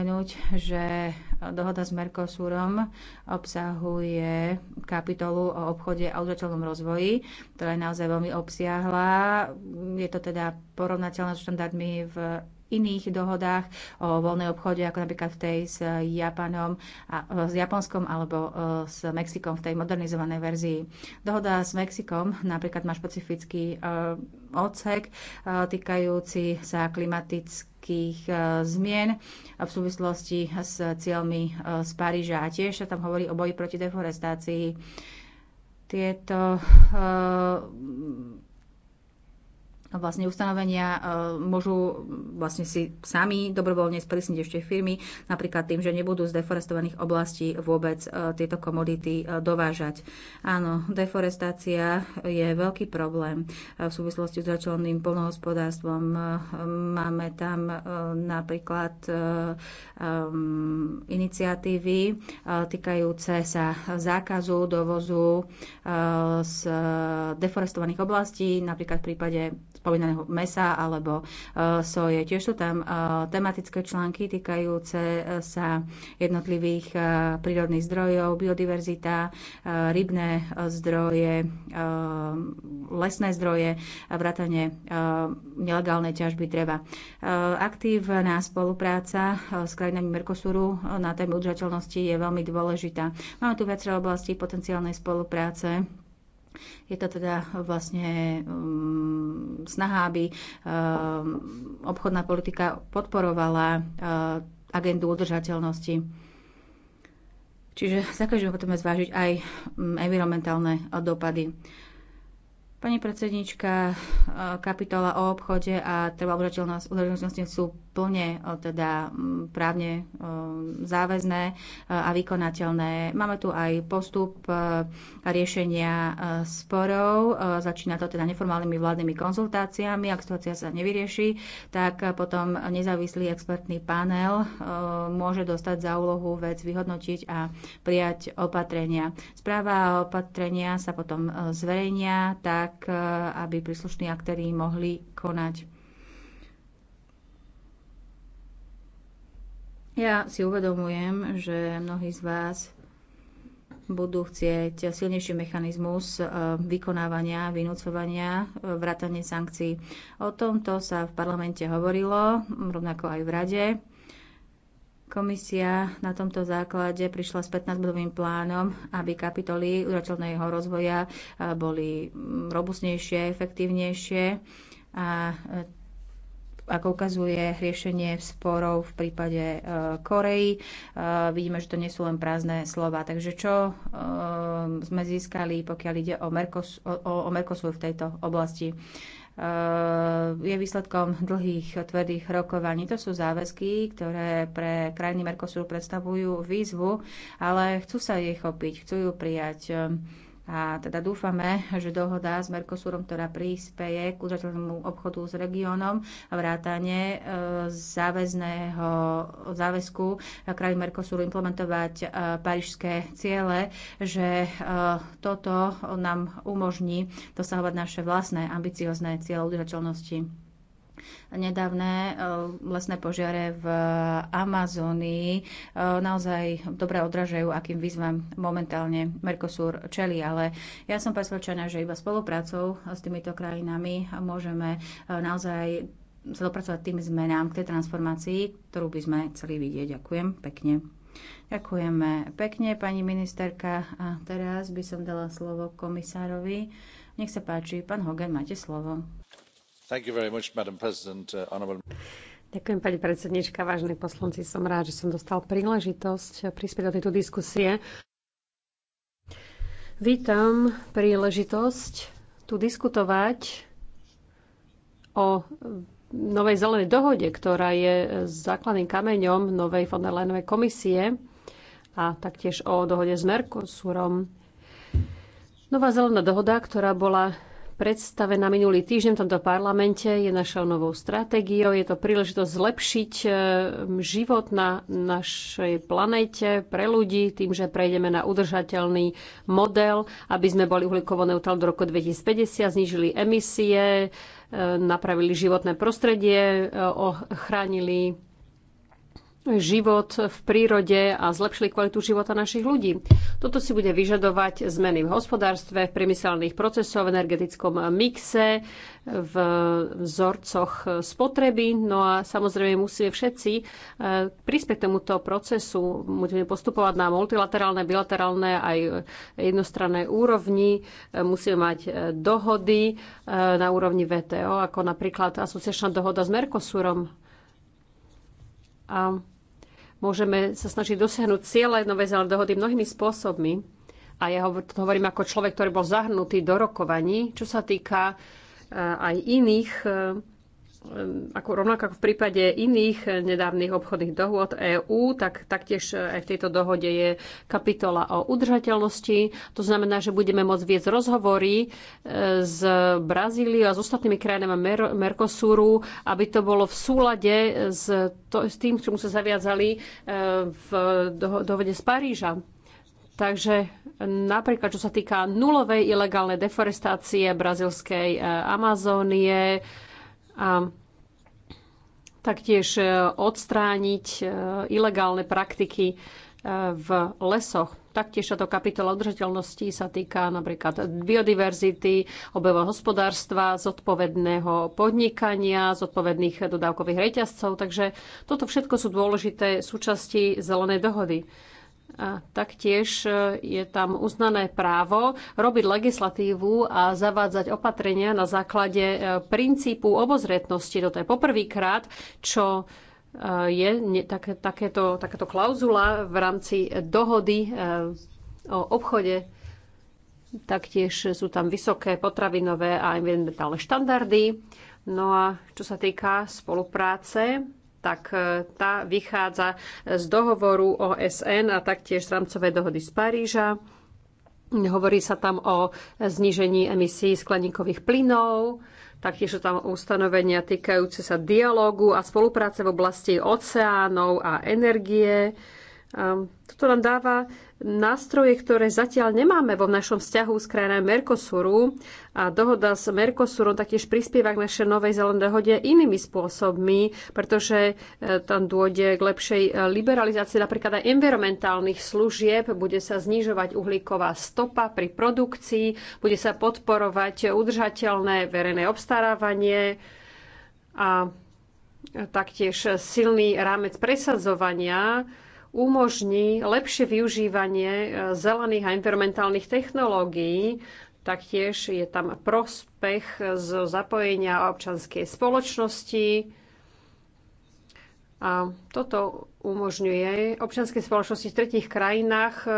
spomenúť, že dohoda s Mercosurom obsahuje kapitolu o obchode a udržateľnom rozvoji, ktorá je naozaj veľmi obsiahla. Je to teda porovnateľné s štandardmi v iných dohodách o voľnej obchode, ako napríklad v tej s, Japanom, a, s Japonskom alebo e, s Mexikom v tej modernizovanej verzii. Dohoda s Mexikom napríklad má špecifický e, odsek e, týkajúci sa klimatických klimatických zmien v súvislosti s cieľmi z Paríža. A tiež sa tam hovorí o boji proti deforestácii. Tieto vlastne ustanovenia e, môžu vlastne si sami dobrovoľne sprísniť ešte firmy, napríklad tým, že nebudú z deforestovaných oblastí vôbec e, tieto komodity e, dovážať. Áno, deforestácia je veľký problém v súvislosti s začleným polnohospodárstvom. Máme tam napríklad iniciatívy týkajúce sa zákazu dovozu z deforestovaných oblastí, napríklad v prípade spomínaného mesa alebo eh, soje. Tiež sú tam eh, tematické články týkajúce eh, sa jednotlivých prírodných zdrojov, biodiverzita, rybné zdroje, lesné zdroje, vrátane nelegálnej ťažby dreva. Aktívna spolupráca s krajinami Mercosuru na téme udržateľnosti je veľmi dôležitá. Máme tu viacero oblastí potenciálnej spolupráce je to teda vlastne um, snaha, aby um, obchodná politika podporovala uh, agendu udržateľnosti. Čiže za každým potom zvážiť aj um, environmentálne eh, dopady. Pani predsednička, kapitola o obchode a trvá udržateľnosť sú plne e, teda právne e, záväzné e, a vykonateľné. Máme tu aj postup riešenia sporov. Začína to teda neformálnymi vládnymi konzultáciami. Ak situácia sa nevyrieši, tak potom nezávislý expertný panel môže dostať za úlohu vec vyhodnotiť a prijať opatrenia. Správa a opatrenia sa potom zverejnia tak, aby príslušní aktéry mohli konať. Ja si uvedomujem, že mnohí z vás budú chcieť silnejší mechanizmus e, vykonávania, vynúcovania, e, vrátanie sankcií. O tomto sa v parlamente hovorilo, rovnako aj v rade. Komisia na tomto základe prišla s 15-bodovým plánom, aby kapitoly udržateľného rozvoja e, boli robustnejšie, efektívnejšie a ako ukazuje riešenie sporov v prípade uh, e, Korei. Uh, e, vidíme, že to nie sú len prázdne slova. Takže čo uh, sme získali, pokiaľ ide o, Merkos, o, o Merkosur v tejto oblasti? je výsledkom dlhých, tvrdých rokovaní. To sú záväzky, ktoré pre krajiny Mercosur predstavujú výzvu, ale chcú sa jej chopiť, chcú ju prijať. A teda dúfame, že dohoda s Mercosurom, ktorá príspeje k udržateľnému obchodu s regiónom, a vrátane e, záväzného záväzku krajín Mercosuru implementovať e, parížské ciele, že e, toto nám umožní dosahovať naše vlastné ambiciozne ciele udržateľnosti. Nedávne e, lesné požiare v Amazónii e, naozaj dobre odražajú, akým výzvam momentálne Mercosur čeli, ale ja som presvedčená, že iba spoluprácou s týmito krajinami môžeme e, naozaj sa dopracovať tým zmenám, k tej transformácii, ktorú by sme chceli vidieť. Ďakujem pekne. Ďakujeme pekne, pani ministerka. A teraz by som dala slovo komisárovi. Nech sa páči, pán Hogan, máte slovo. Uh, Ďakujem, pani predsednička, vážení poslanci. Som rád, že som dostal príležitosť uh, prispieť do tejto diskusie. Vítam príležitosť tu diskutovať o novej zelenej dohode, ktorá je základným kameňom novej von der Leyenovej komisie a taktiež o dohode s Mercosurom. Nová zelená dohoda, ktorá bola predstavená minulý týždeň v tomto parlamente, je našou novou stratégiou. Je to príležitosť zlepšiť e, život na našej planete pre ľudí tým, že prejdeme na udržateľný model, aby sme boli uhlíkovo neutrálni do roku 2050, znížili emisie, e, napravili životné prostredie, e, ochránili život v prírode a zlepšili kvalitu života našich ľudí. Toto si bude vyžadovať zmeny v hospodárstve, v priemyselných procesoch, v energetickom mixe, v vzorcoch spotreby. No a samozrejme musíme všetci eh, prispieť k tomuto procesu. Musíme postupovať na multilaterálne, bilaterálne aj jednostranné úrovni. Eh, musíme mať eh, dohody na úrovni VTO, ako napríklad asociačná dohoda s Mercosurom a môžeme sa snažiť dosiahnuť cieľe nové zelenej dohody mnohými spôsobmi. A ja to hovorím ako človek, ktorý bol zahrnutý do rokovaní, čo sa týka e, aj iných e, ako rovnako ako v prípade iných nedávnych obchodných dohôd EÚ, tak taktiež e, aj v tejto dohode je kapitola o udržateľnosti. To znamená, že budeme môcť viesť rozhovory e, s Brazíliou a s ostatnými krajinami Mer- Mercosuru, aby to bolo v súlade s, to, s tým, čomu sa zaviazali e, v dohode z Paríža. Takže napríklad, čo sa týka nulovej ilegálnej deforestácie brazilskej Amazónie, a taktiež e, odstrániť e, ilegálne praktiky e, v lesoch. Taktiež táto kapitola udržateľnosti sa týka napríklad biodiverzity, obehov hospodárstva, zodpovedného podnikania, zodpovedných dodávkových reťazcov. Takže toto všetko sú dôležité súčasti zelenej dohody. A taktiež e, je tam uznané právo robiť legislatívu a zavádzať opatrenia na základe e, princípu obozretnosti. To je poprvýkrát, čo e, je tak, takéto, takáto klauzula v rámci dohody o obchode. Taktiež sú tam vysoké potravinové a environmentálne štandardy. No a čo sa týka spolupráce, tak e, tá vychádza z dohovoru OSN a taktiež z rámcovej dohody z Paríža. Hovorí sa tam o znižení emisí skleníkových plynov, taktiež sú tam ustanovenia týkajúce sa dialógu a spolupráce v oblasti oceánov a energie. A toto nám dáva nástroje, ktoré zatiaľ nemáme vo našom vzťahu s krajinami Mercosuru a dohoda s Mercosurom taktiež prispieva k našej Novej zelené hode inými spôsobmi, pretože e, tam dôjde k lepšej e, liberalizácii napríklad aj environmentálnych služieb, bude sa znižovať uhlíková stopa pri produkcii, bude sa podporovať udržateľné verejné obstarávanie a taktiež silný rámec presadzovania umožní lepšie využívanie e, zelených a environmentálnych technológií. Taktiež je tam prospech z zapojenia občanskej spoločnosti. A toto umožňuje občianskej spoločnosti v tretich krajinách e,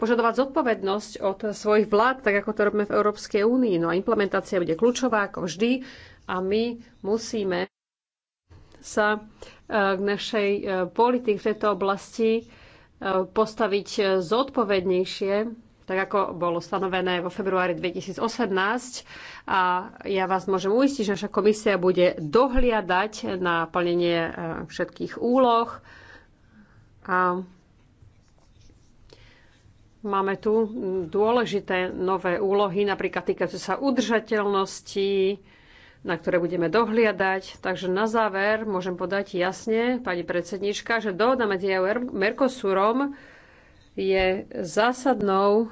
požadovať zodpovednosť od svojich vlád, tak ako to robíme v Európskej únii. No a implementácia bude kľúčová, ako vždy, a my musíme sa e, k našej e, politike v tejto oblasti e, postaviť zodpovednejšie, tak ako bolo stanovené vo februári 2018. A ja vás môžem uistiť, že naša komisia bude dohliadať na plnenie všetkých úloh. A Máme tu dôležité nové úlohy, napríklad týkajúce sa udržateľnosti, na ktoré budeme dohliadať. Takže na záver môžem podať jasne, pani predsednička, že dohoda medzi EU Mercosurom je zásadnou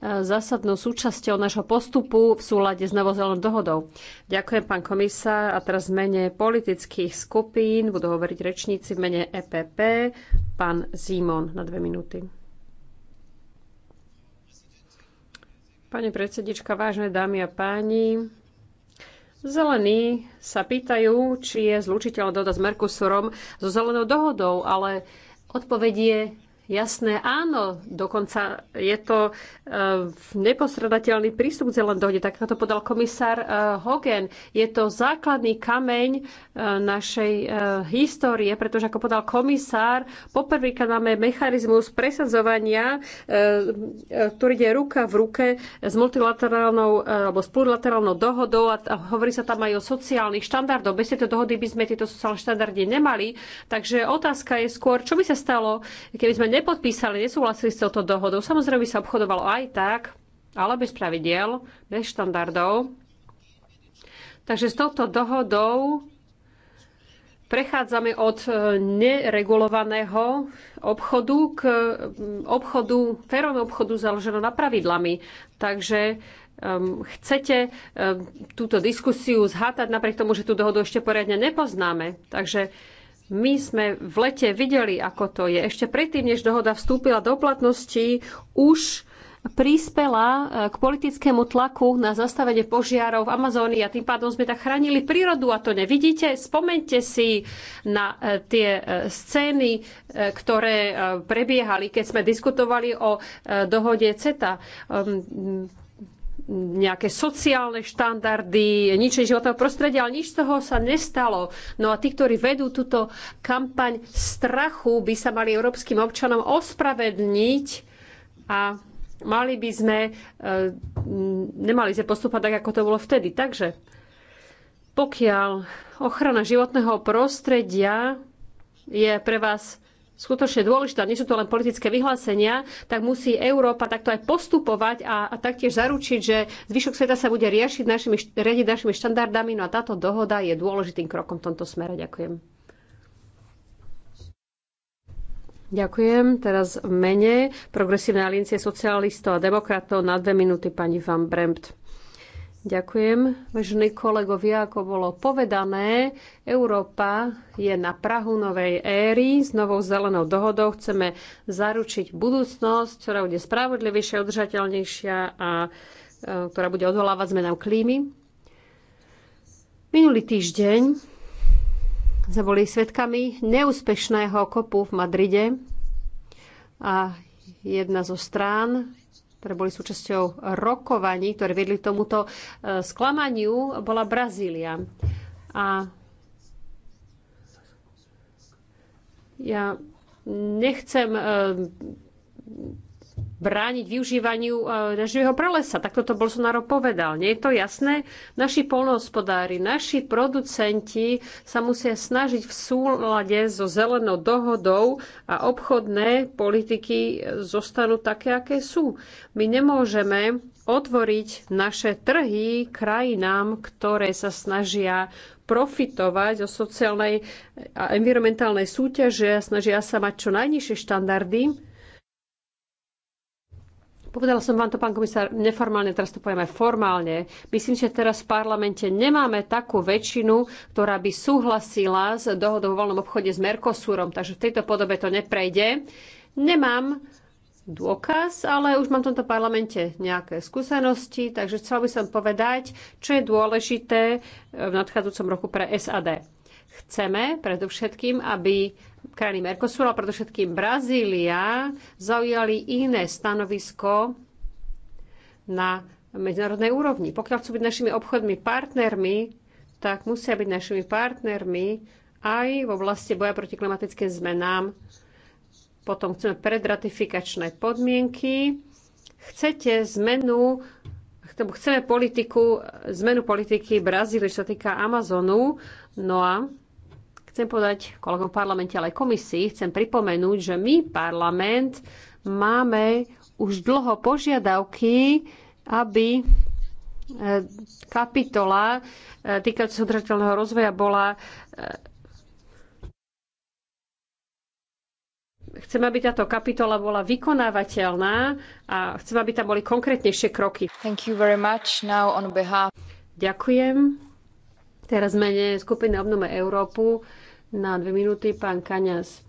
zásadnou súčasťou nášho postupu v súlade s novozelenou dohodou. Ďakujem, pán komisár. A teraz v mene politických skupín budú hovoriť rečníci v mene EPP. Pán Zimon na dve minúty. Pani predsedička, vážne dámy a páni, zelení sa pýtajú, či je zlučiteľná dohoda s Mercosurom so zelenou dohodou, ale odpovedie je Jasné, áno, dokonca je to e, neposredateľný prístup k dohode, tak to podal komisár e, Hogan. Je to základný kameň e, našej histórie, pretože ako podal komisár, poprvýkrát máme mechanizmus presadzovania, ktorý ide ruka v ruke s multilaterálnou alebo s plurilaterálnou dohodou a hovorí sa tam aj o sociálnych štandardoch. Bez tejto dohody by sme tieto sociálne štandardy nemali. Takže otázka je skôr, čo by sa stalo, keby sme nepodpísali, nesúhlasili s touto dohodou. Samozrejme by sa obchodovalo aj tak, ale bez pravidiel, bez štandardov. Takže s touto dohodou prechádzame od e, neregulovaného obchodu k e, obchodu, férovému obchodu založeno na pravidlami. Takže chcete túto diskusiu zhátať napriek tomu, že tú dohodu ešte poriadne nepoznáme. Takže my sme v lete videli, ako to je. Ešte predtým, než dohoda vstúpila do platnosti, už prispela eh, k politickému tlaku na zastavenie požiarov v Amazónii a tým pádom sme tak chránili prírodu a to nevidíte. Spomente si na eh, tie eh, scény, ktoré prebiehali, keď sme diskutovali o dohode CETA. Ehm, nejaké sociálne štandardy, ničenie životného prostredia, ale nič z toho sa nestalo. No a tí, ktorí vedú túto kampaň strachu, by sa mali európskym občanom ospravedniť a mali by sme, e, nemali sme postupovať tak, ako to bolo vtedy. Takže pokiaľ ochrana životného prostredia je pre vás skutočne a nie sú to len politické vyhlásenia, tak musí Európa takto aj postupovať a, a taktiež zaručiť, že zvyšok sveta sa bude riešiť našimi, riadiť našimi štandardami. No a táto dohoda je dôležitým krokom v tomto smere. Ďakujem. Ďakujem. Teraz v mene Progresívnej aliancie socialistov a demokratov na dve minúty pani Van Bremt. Ďakujem. Vážení kolegovia, ako bolo povedané, Európa je na Prahu novej éry. S novou zelenou dohodou chceme zaručiť budúcnosť, ktorá bude spravodlivejšia, udržateľnejšia a e, ktorá bude odvolávať zmenám klímy. Minulý týždeň sme boli svetkami neúspešného kopu v Madride a jedna zo strán ktoré boli súčasťou rokovaní, ktoré viedli k tomuto e, sklamaniu, bola Brazília. A ja nechcem e, brániť využívaniu e, živého prelesa. Tak toto Bolsonaro povedal. Nie je to jasné? Naši polnohospodári, naši producenti sa musia snažiť v súlade so zelenou dohodou a obchodné politiky zostanú také, aké sú. My nemôžeme otvoriť naše trhy krajinám, ktoré sa snažia profitovať o sociálnej a environmentálnej súťaže a snažia sa mať čo najnižšie štandardy Povedala som vám to, pán komisár, neformálne, teraz to poviem aj formálne. Myslím, že teraz v parlamente nemáme takú väčšinu, ktorá by súhlasila s dohodou o voľnom obchode s Mercosurom, takže v tejto podobe to neprejde. Nemám dôkaz, ale už mám v tomto parlamente nejaké skúsenosti, takže chcela by som povedať, čo je dôležité v nadchádzajúcom roku pre SAD. Chceme predovšetkým, aby krajiny Mercosur, ale predovšetkým Brazília, zaujali iné stanovisko na medzinárodnej úrovni. Pokiaľ chcú byť našimi obchodnými partnermi, tak musia byť našimi partnermi aj v oblasti boja proti klimatickým zmenám. Potom chceme predratifikačné podmienky. Chcete zmenu, chceme politiku, zmenu politiky Brazílie, čo sa týka Amazonu. No a chcem povedať kolegom v parlamente, ale aj komisii, chcem pripomenúť, že my, parlament, máme už dlho požiadavky, aby e, kapitola e, týkajúca sa udržateľného rozvoja bola e, chcem, aby táto kapitola bola vykonávateľná a chcem, aby tam boli konkrétnejšie kroky. Thank you very much. Now on behalf... Ďakujem. Teraz mene skupiny Obnome Európu na dve minúty pán Kaňas.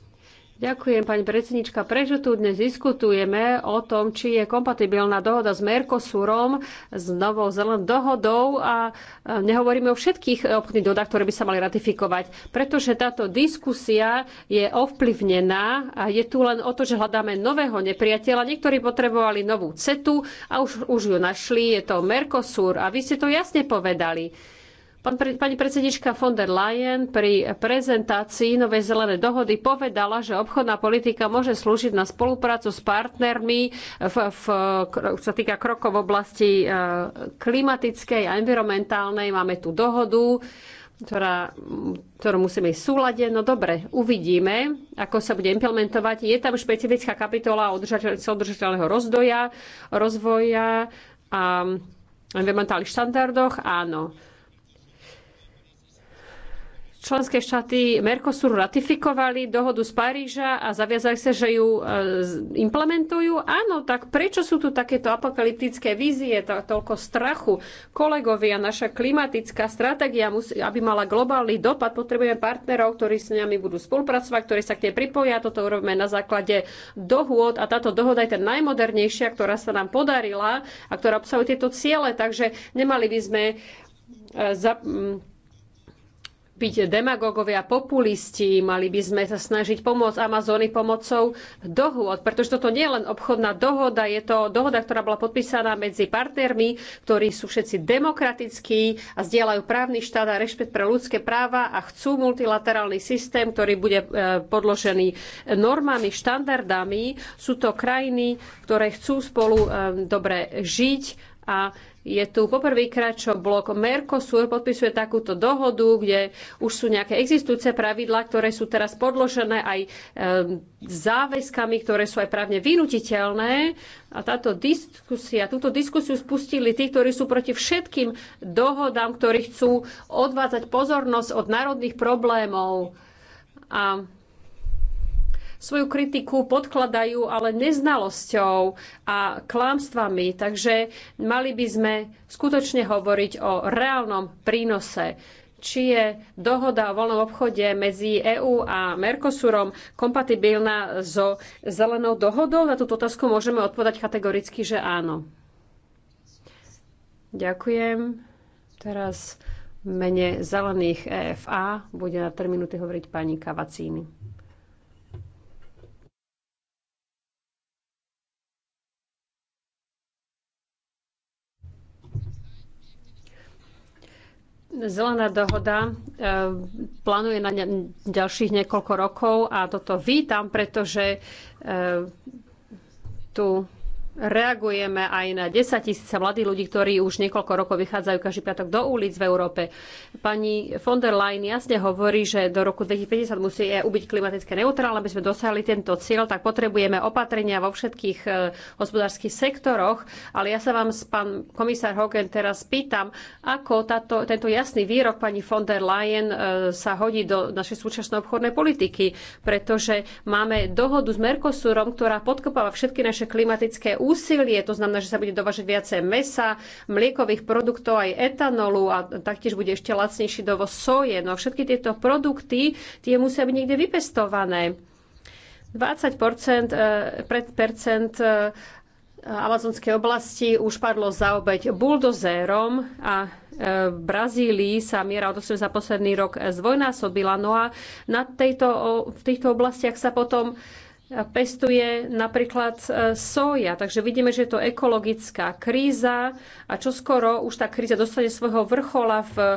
Ďakujem, pani predsednička. Prečo tu dnes diskutujeme o tom, či je kompatibilná dohoda s Mercosurom, s Novou zelenou dohodou a nehovoríme o všetkých obchodných dohodách, ktoré by sa mali ratifikovať. Pretože táto diskusia je ovplyvnená a je tu len o to, že hľadáme nového nepriateľa. Niektorí potrebovali novú cetu a už, už ju našli. Je to Mercosur a vy ste to jasne povedali Pani predsednička von der Leyen pri prezentácii Novej zelenej dohody povedala, že obchodná politika môže slúžiť na spoluprácu s partnermi, v, v, čo sa týka krokov v oblasti e, klimatickej a environmentálnej. Máme tu dohodu, ktorá, ktorú musíme ísť súlade. No dobre, uvidíme, ako sa bude implementovať. Je tam špecifická kapitola udržateľného rozdoja, rozvoja a environmentálnych štandardoch. Áno členské štáty Mercosuru ratifikovali dohodu z Paríža a zaviazali sa, že ju e, implementujú. Áno, tak prečo sú tu takéto apokalyptické vízie, to, toľko strachu? Kolegovia, naša klimatická stratégia, musí, aby mala globálny dopad, potrebujeme partnerov, ktorí s nami budú spolupracovať, ktorí sa k nej pripoja. Toto urobíme na základe dohôd a táto dohoda je tá najmodernejšia, ktorá sa nám podarila a ktorá obsahuje tieto ciele. Takže nemali by sme e, za, byť demagógovia, populisti, mali by sme sa snažiť pomôcť Amazóny pomocou dohôd, pretože toto nie je len obchodná dohoda, je to dohoda, ktorá bola podpísaná medzi partnermi, ktorí sú všetci demokratickí a zdieľajú právny štát a rešpekt pre ľudské práva a chcú multilaterálny systém, ktorý bude e, podložený normami, štandardami. Sú to krajiny, ktoré chcú spolu e, dobre žiť a je tu poprvýkrát, čo blok Mercosur podpisuje takúto dohodu, kde už sú nejaké existujúce pravidlá, ktoré sú teraz podložené aj e, záväzkami, ktoré sú aj právne vynutiteľné. A táto diskusia, túto diskusiu spustili tí, ktorí sú proti všetkým dohodám, ktorí chcú odvádzať pozornosť od národných problémov. A svoju kritiku podkladajú ale neznalosťou a klámstvami. Takže mali by sme skutočne hovoriť o reálnom prínose či je dohoda o voľnom obchode medzi EÚ a Mercosurom kompatibilná so zelenou dohodou? Na túto otázku môžeme odpovedať kategoricky, že áno. Ďakujem. Teraz v mene zelených EFA bude na 3 minúty hovoriť pani Kavacíny. Zelená dohoda eh, plánuje na ďalších niekoľko rokov a toto vítam, pretože eh, tu reagujeme aj na 10 tisíce mladých ľudí, ktorí už niekoľko rokov vychádzajú každý piatok do ulic v Európe. Pani von der Leyen jasne hovorí, že do roku 2050 musí EU byť klimatické neutrálne, aby sme dosiahli tento cieľ, tak potrebujeme opatrenia vo všetkých e, hospodárskych sektoroch. Ale ja sa vám, pán komisár Hogan, teraz pýtam, ako táto, tento jasný výrok pani von der Leyen e, sa hodí do našej súčasnej obchodnej politiky, pretože máme dohodu s Mercosurom, ktorá podkopáva všetky naše klimatické úsilie, to znamená, že sa bude dovažať viacej mesa, mliekových produktov, aj etanolu a taktiež bude ešte lacnejší dovoz soje. No všetky tieto produkty, tie musia byť niekde vypestované. 20 e, pred percent e, amazonskej oblasti už padlo za obeď buldozérom a e, v Brazílii sa miera odosu za posledný rok zdvojnásobila. No a na tejto, v týchto oblastiach sa potom pestuje napríklad e, soja. Takže vidíme, že je to ekologická kríza a čoskoro už tá kríza dostane svojho vrchola v e,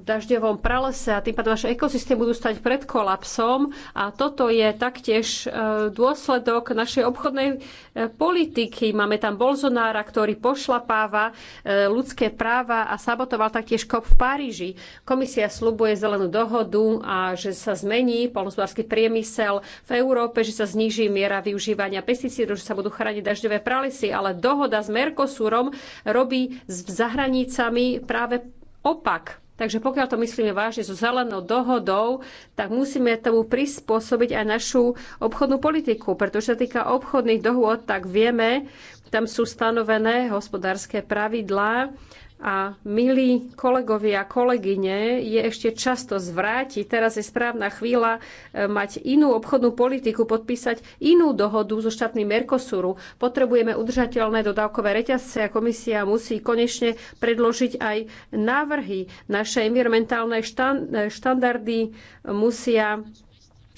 dažďovom pralese a tým pádom naše ekosystém budú stať pred kolapsom. A toto je taktiež e, dôsledok našej obchodnej politiky. Máme tam Bolzonára, ktorý pošlapáva ľudské práva a sabotoval taktiež kop v Paríži. Komisia slubuje zelenú dohodu a že sa zmení polnospodársky priemysel v Európe, že že sa zníži miera využívania pesticídov, že sa budú chrániť dažďové pralesy, ale dohoda s Mercosurom robí s zahranicami práve opak. Takže pokiaľ to myslíme vážne so zelenou dohodou, tak musíme tomu prispôsobiť aj našu obchodnú politiku, pretože sa týka obchodných dohôd, tak vieme, tam sú stanovené hospodárske pravidlá a milí kolegovia a kolegyne, je ešte často zvrátiť. Teraz je správna chvíľa e, mať inú obchodnú politiku, podpísať inú dohodu so štátmi Mercosuru. Potrebujeme udržateľné dodávkové reťazce a komisia musí konečne predložiť aj návrhy. Naše environmentálne e, štandardy musia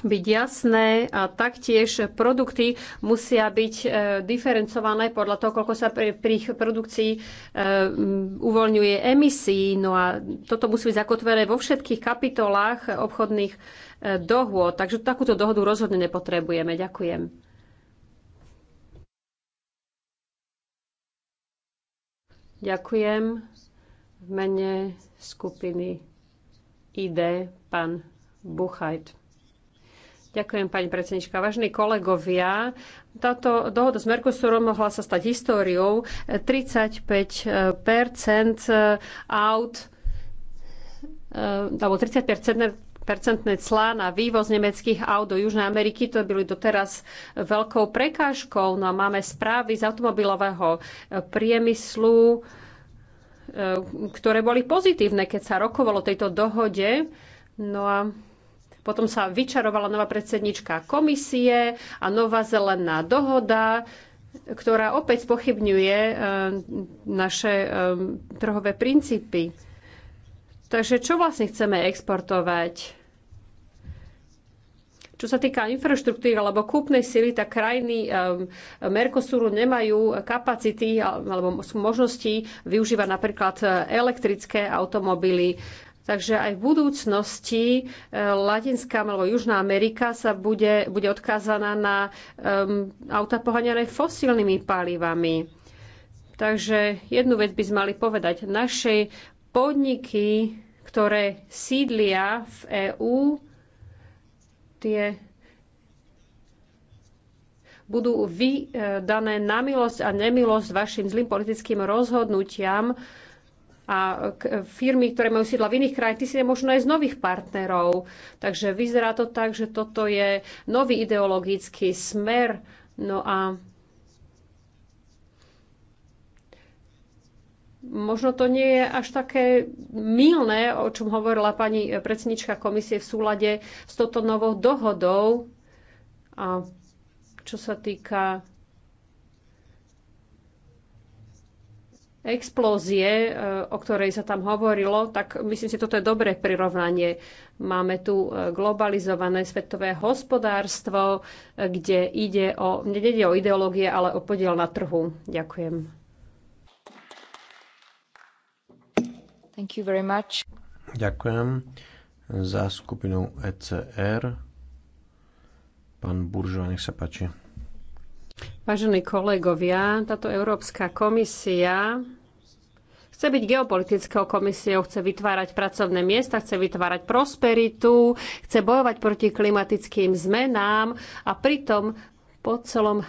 byť jasné a taktiež produkty musia byť e, diferencované podľa toho, koľko sa pri, ich produkcii e, uvoľňuje emisí. No a toto musí byť zakotvené vo všetkých kapitolách obchodných e, dohôd. Takže takúto dohodu rozhodne nepotrebujeme. Ďakujem. Ďakujem. V mene skupiny ID pán Buchajt. Ďakujem, pani predsednička. Vážení kolegovia, táto dohoda s Mercosurom mohla sa stať históriou. 35 eh, aut eh, alebo 30 percentné clá na vývoz nemeckých aut do Južnej Ameriky. To byli doteraz veľkou prekážkou. No a máme správy z automobilového eh, priemyslu, ktoré boli pozitívne, keď sa rokovalo tejto dohode. No a potom sa vyčarovala nová predsednička komisie a nová zelená dohoda, ktorá opäť spochybňuje e, naše e, trhové princípy. Takže čo vlastne chceme exportovať? Čo sa týka infraštruktúry alebo kúpnej sily, tak krajiny e, Mercosuru nemajú kapacity alebo možnosti využívať napríklad elektrické automobily. Takže aj v budúcnosti eh, Latinská alebo Južná Amerika sa bude, bude odkázaná na um, auta poháňané fosílnymi palivami. Takže jednu vec by sme mali povedať. Naše podniky, ktoré sídlia v EÚ, tie budú vydané eh, na milosť a nemilosť vašim zlým politickým rozhodnutiam, a firmy, ktoré majú sídla v iných krajinách, ty si nemôžu nájsť nových partnerov. Takže vyzerá to tak, že toto je nový ideologický smer. No a možno to nie je až také mylné, o čom hovorila pani predsednička komisie v súlade s touto novou dohodou. A čo sa týka explózie, e, o ktorej sa tam hovorilo, tak myslím si, toto je dobré prirovnanie. Máme tu e, globalizované svetové hospodárstvo, e, kde ide o, nejde o ideológie, ale o podiel na trhu. Ďakujem. Thank you very much. Ďakujem. Za skupinu ECR pán Buržova, nech sa páči. Vážení kolegovia, táto Európska komisia chce byť geopolitickou komisiou, chce vytvárať pracovné miesta, chce vytvárať prosperitu, chce bojovať proti klimatickým zmenám a pritom po celom e,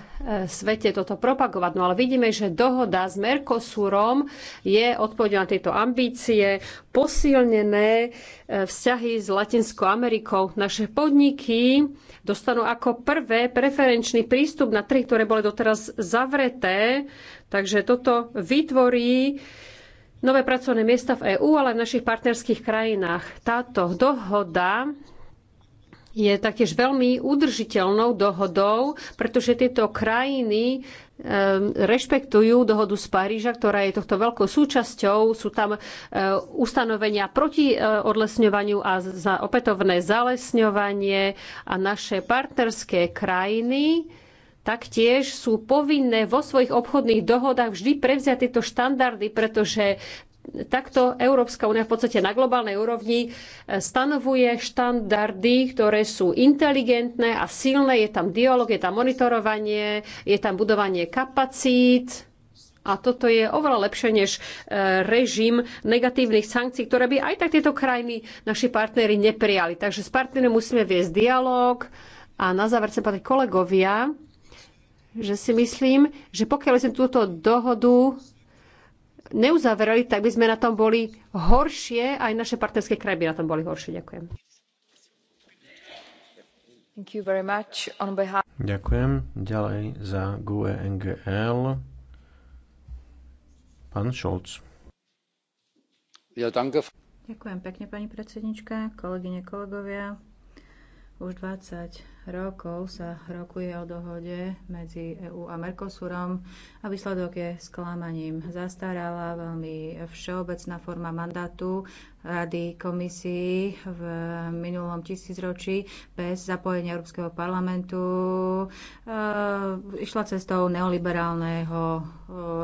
svete toto propagovať. No ale vidíme, že dohoda s Mercosurom je odpovedou na tieto ambície, posilnené e, vzťahy s Latinskou Amerikou. Naše podniky dostanú ako prvé preferenčný prístup na trhy, ktoré boli doteraz zavreté. Takže toto vytvorí nové pracovné miesta v EÚ, ale aj v našich partnerských krajinách. Táto dohoda je taktiež veľmi udržiteľnou dohodou, pretože tieto krajiny ehm, rešpektujú dohodu z Paríža, ktorá je tohto veľkou súčasťou. Sú tam ehm, ustanovenia proti ehm, odlesňovaniu a za opätovné zalesňovanie a naše partnerské krajiny taktiež sú povinné vo svojich obchodných dohodách vždy prevziať tieto štandardy, pretože takto Európska únia v podstate na globálnej úrovni e, stanovuje štandardy, ktoré sú inteligentné a silné. Je tam dialog, je tam monitorovanie, je tam budovanie kapacít. A toto je oveľa lepšie než e, režim negatívnych sankcií, ktoré by aj tak tieto krajiny naši partnery neprijali. Takže s partnermi musíme viesť dialog. A na záver chcem povedať kolegovia, že si myslím, že pokiaľ sme túto dohodu neuzavreli, tak by sme na tom boli horšie, aj naše partnerské kraje by na tom boli horšie. Ďakujem. Thank you very much. On Behalf... Ďakujem. Ďalej za GUE NGL. Pán Šolc. Ja, Ďakujem pekne, pani predsednička, kolegyne, kolegovia. Už 20 rokov sa rokuje o dohode medzi EÚ a Mercosurom a výsledok je sklamaním. Zastarala veľmi všeobecná forma mandátu Rady komisii v minulom tisícročí bez zapojenia Európskeho parlamentu eh, išla cestou neoliberálneho eh,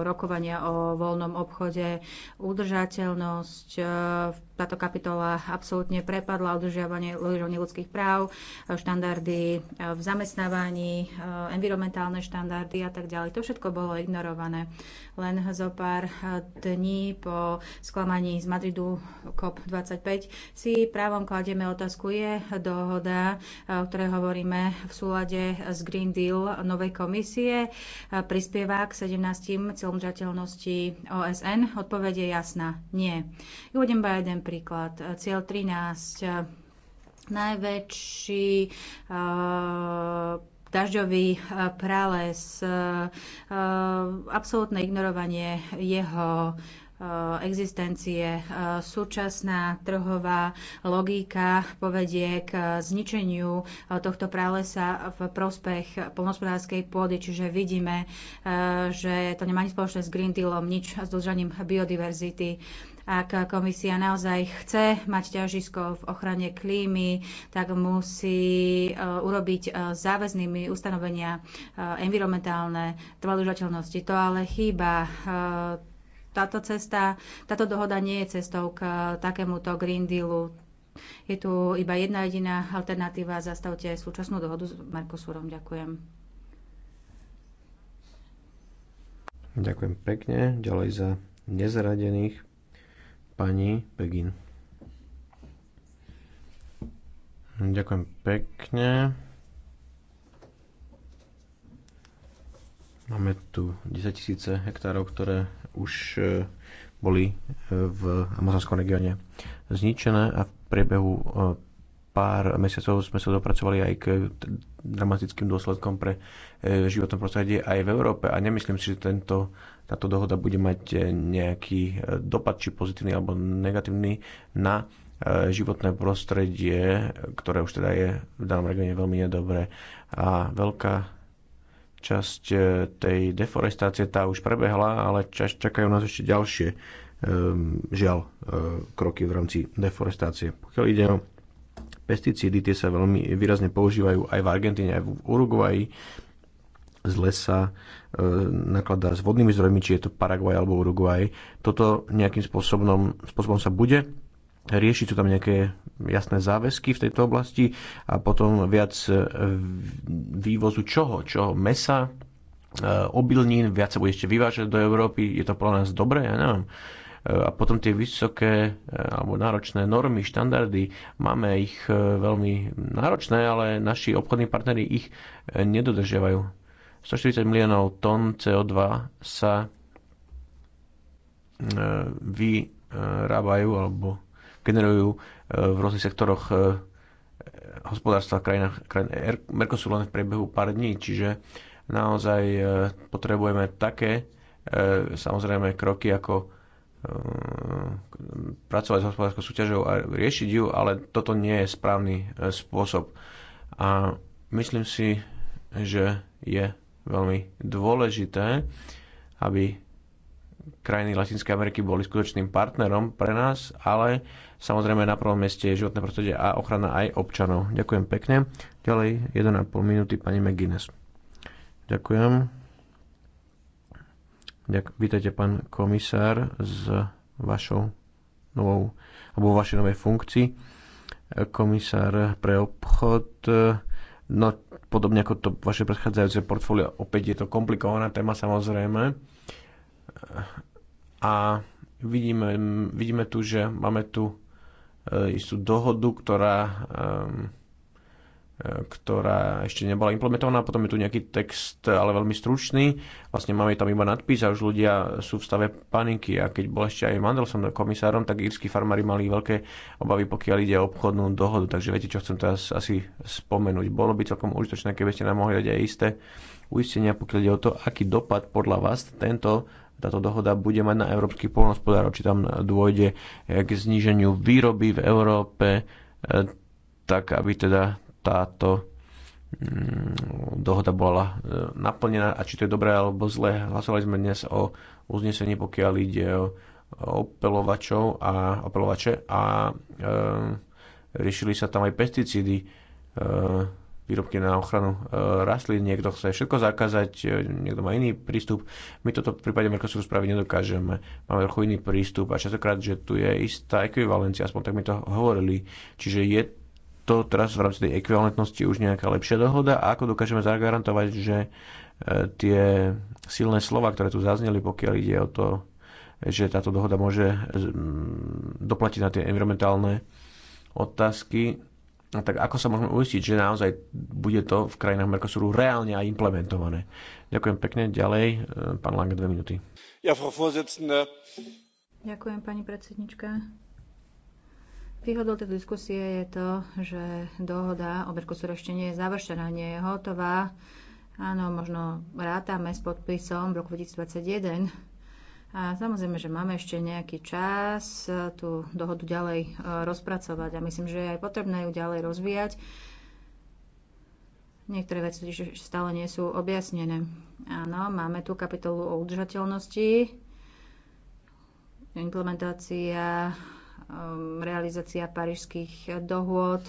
rokovania o voľnom obchode, udržateľnosť eh, táto kapitola absolútne prepadla, udržiavanie ľudských práv, štandardy v zamestnávaní, environmentálne štandardy a tak ďalej. To všetko bolo ignorované. Len zo pár dní po sklamaní z Madridu COP COP25 si právom kladieme otázku, je dohoda, eh, o ktorej hovoríme v súlade s Green Deal novej komisie, eh, prispieva k 17 cieľom žateľnosti OSN? odpovede je jasná. Nie. Uvedem iba jeden príklad. Cieľ 13 eh, najväčší uh, dažďový prales, absolútne ignorovanie jeho Eh, existencie. Eh, súčasná trhová logika povedie k eh, zničeniu tohto pralesa v prospech polnospodárskej pôdy, čiže vidíme, že to nemá nič spoločné s Green Dealom, nič s dlžaním biodiverzity ak komisia naozaj chce mať ťažisko v ochrane klímy, tak musí urobiť záväznými ustanovenia environmentálne trvalúžateľnosti. To ale chýba táto cesta, táto dohoda nie je cestou k eh, takémuto Green Dealu. Je tu iba jedna jediná alternatíva. Zastavte súčasnú dohodu s Mercosurom. Ďakujem. Ďakujem pekne. Ďalej za nezradených pani Begin. Ďakujem pekne. Máme tu 10 tisíce hektárov, ktoré už e, boli e, v amazonskom regióne zničené a v priebehu e, pár mesiacov sme sa dopracovali aj k dramatickým dôsledkom pre životné prostredie aj v Európe a nemyslím si, že tento, táto dohoda bude mať nejaký dopad, či pozitívny alebo negatívny na životné prostredie, ktoré už teda je v danom regióne veľmi nedobré. A veľká Časť e, tej deforestácie tá už prebehla, ale čas, čakajú nás ešte ďalšie ehm, žiaľ e, kroky v rámci deforestácie. Pokiaľ ide o pesticídy, tie sa veľmi výrazne používajú aj v Argentíne, aj v Uruguaji. Z lesa e, nakladá s vodnými zdrojmi, či je to Paraguay alebo Uruguay. Toto nejakým spôsobom, spôsobom sa bude riešiť, sú tam nejaké jasné záväzky v tejto oblasti a potom viac e, vývozu čoho? Čoho? Mesa, e, obilnín, viac sa bude ešte vyvážať do Európy, je to podľa nás dobré? Ja neviem. E, a potom tie vysoké alebo náročné normy, štandardy, máme ich veľmi náročné, ale naši obchodní partnery ich nedodržiavajú. 140 miliónov tón CO2 sa vyrábajú alebo generujú e, v rôznych sektoroch e, hospodárstva krajín er, Mercosur len v priebehu pár dní, čiže naozaj e, potrebujeme také samozrejme kroky ako pracovať s hospodárskou súťažou a riešiť ju, ale toto nie je správny spôsob. A myslím si, že je veľmi dôležité, aby krajiny Latinskej Ameriky boli skutočným partnerom pre nás, ale samozrejme na prvom mieste je životné prostredie a ochrana aj občanov. Ďakujem pekne. Ďalej 1,5 minúty pani McGuinness. Ďakujem. Ďak, vítajte pán komisár s vašou novou, alebo vašej novej funkcii. Komisár pre obchod No, podobne ako to vaše predchádzajúce portfólio, opäť je to komplikovaná téma samozrejme a vidíme, vidíme tu, že máme tu e, istú dohodu, ktorá, e, ktorá ešte nebola implementovaná. Potom je tu nejaký text, ale veľmi stručný. Vlastne máme tam iba nadpis a už ľudia sú v stave paniky. A keď bol ešte aj Mandelson no komisárom, tak írsky farmári mali veľké obavy, pokiaľ ide o obchodnú dohodu. Takže viete, čo chcem teraz asi spomenúť. Bolo by celkom užitočné, keby ste nám mohli dať aj isté uistenia, pokiaľ ide o to, aký dopad podľa vás tento táto dohoda bude mať na európsky polnospodárov, či tam dôjde k zníženiu výroby v Európe, e, tak aby teda táto mm, dohoda bola e, naplnená a či to je dobré alebo zlé. Hlasovali sme dnes o uznesení, pokiaľ ide o opelovačov a opelovače a e, riešili sa tam aj pesticídy. E, výrobky na ochranu e, rastlín, niekto chce všetko zakázať, e, niekto má iný prístup. My toto v prípade Mercosuru spraviť nedokážeme. Máme trochu iný prístup a častokrát, že tu je istá ekvivalencia, aspoň tak mi to hovorili. Čiže je to teraz v rámci tej ekvivalentnosti už nejaká lepšia dohoda a ako dokážeme zagarantovať, že e, tie silné slova, ktoré tu zazneli, pokiaľ ide o to, že táto dohoda môže doplatiť na tie environmentálne otázky, No tak ako sa môžeme uistiť, že naozaj bude to v krajinách Mercosuru reálne aj implementované? Ďakujem pekne. Ďalej, e, pán Lange, dve minúty. Ja, Frau Vorsitzende. Ďakujem, pani predsednička. Výhodou tejto diskusie je to, že dohoda o Mercosuru ešte nie je završená, nie je hotová. Áno, možno rátame s podpisom v roku 2021, a samozrejme, že máme ešte nejaký čas e, tú dohodu ďalej e, rozpracovať a myslím, že je aj potrebné ju ďalej rozvíjať. Niektoré veci totiž stále nie sú objasnené. Áno, máme tu kapitolu o udržateľnosti, implementácia, e, realizácia parížských dohôd,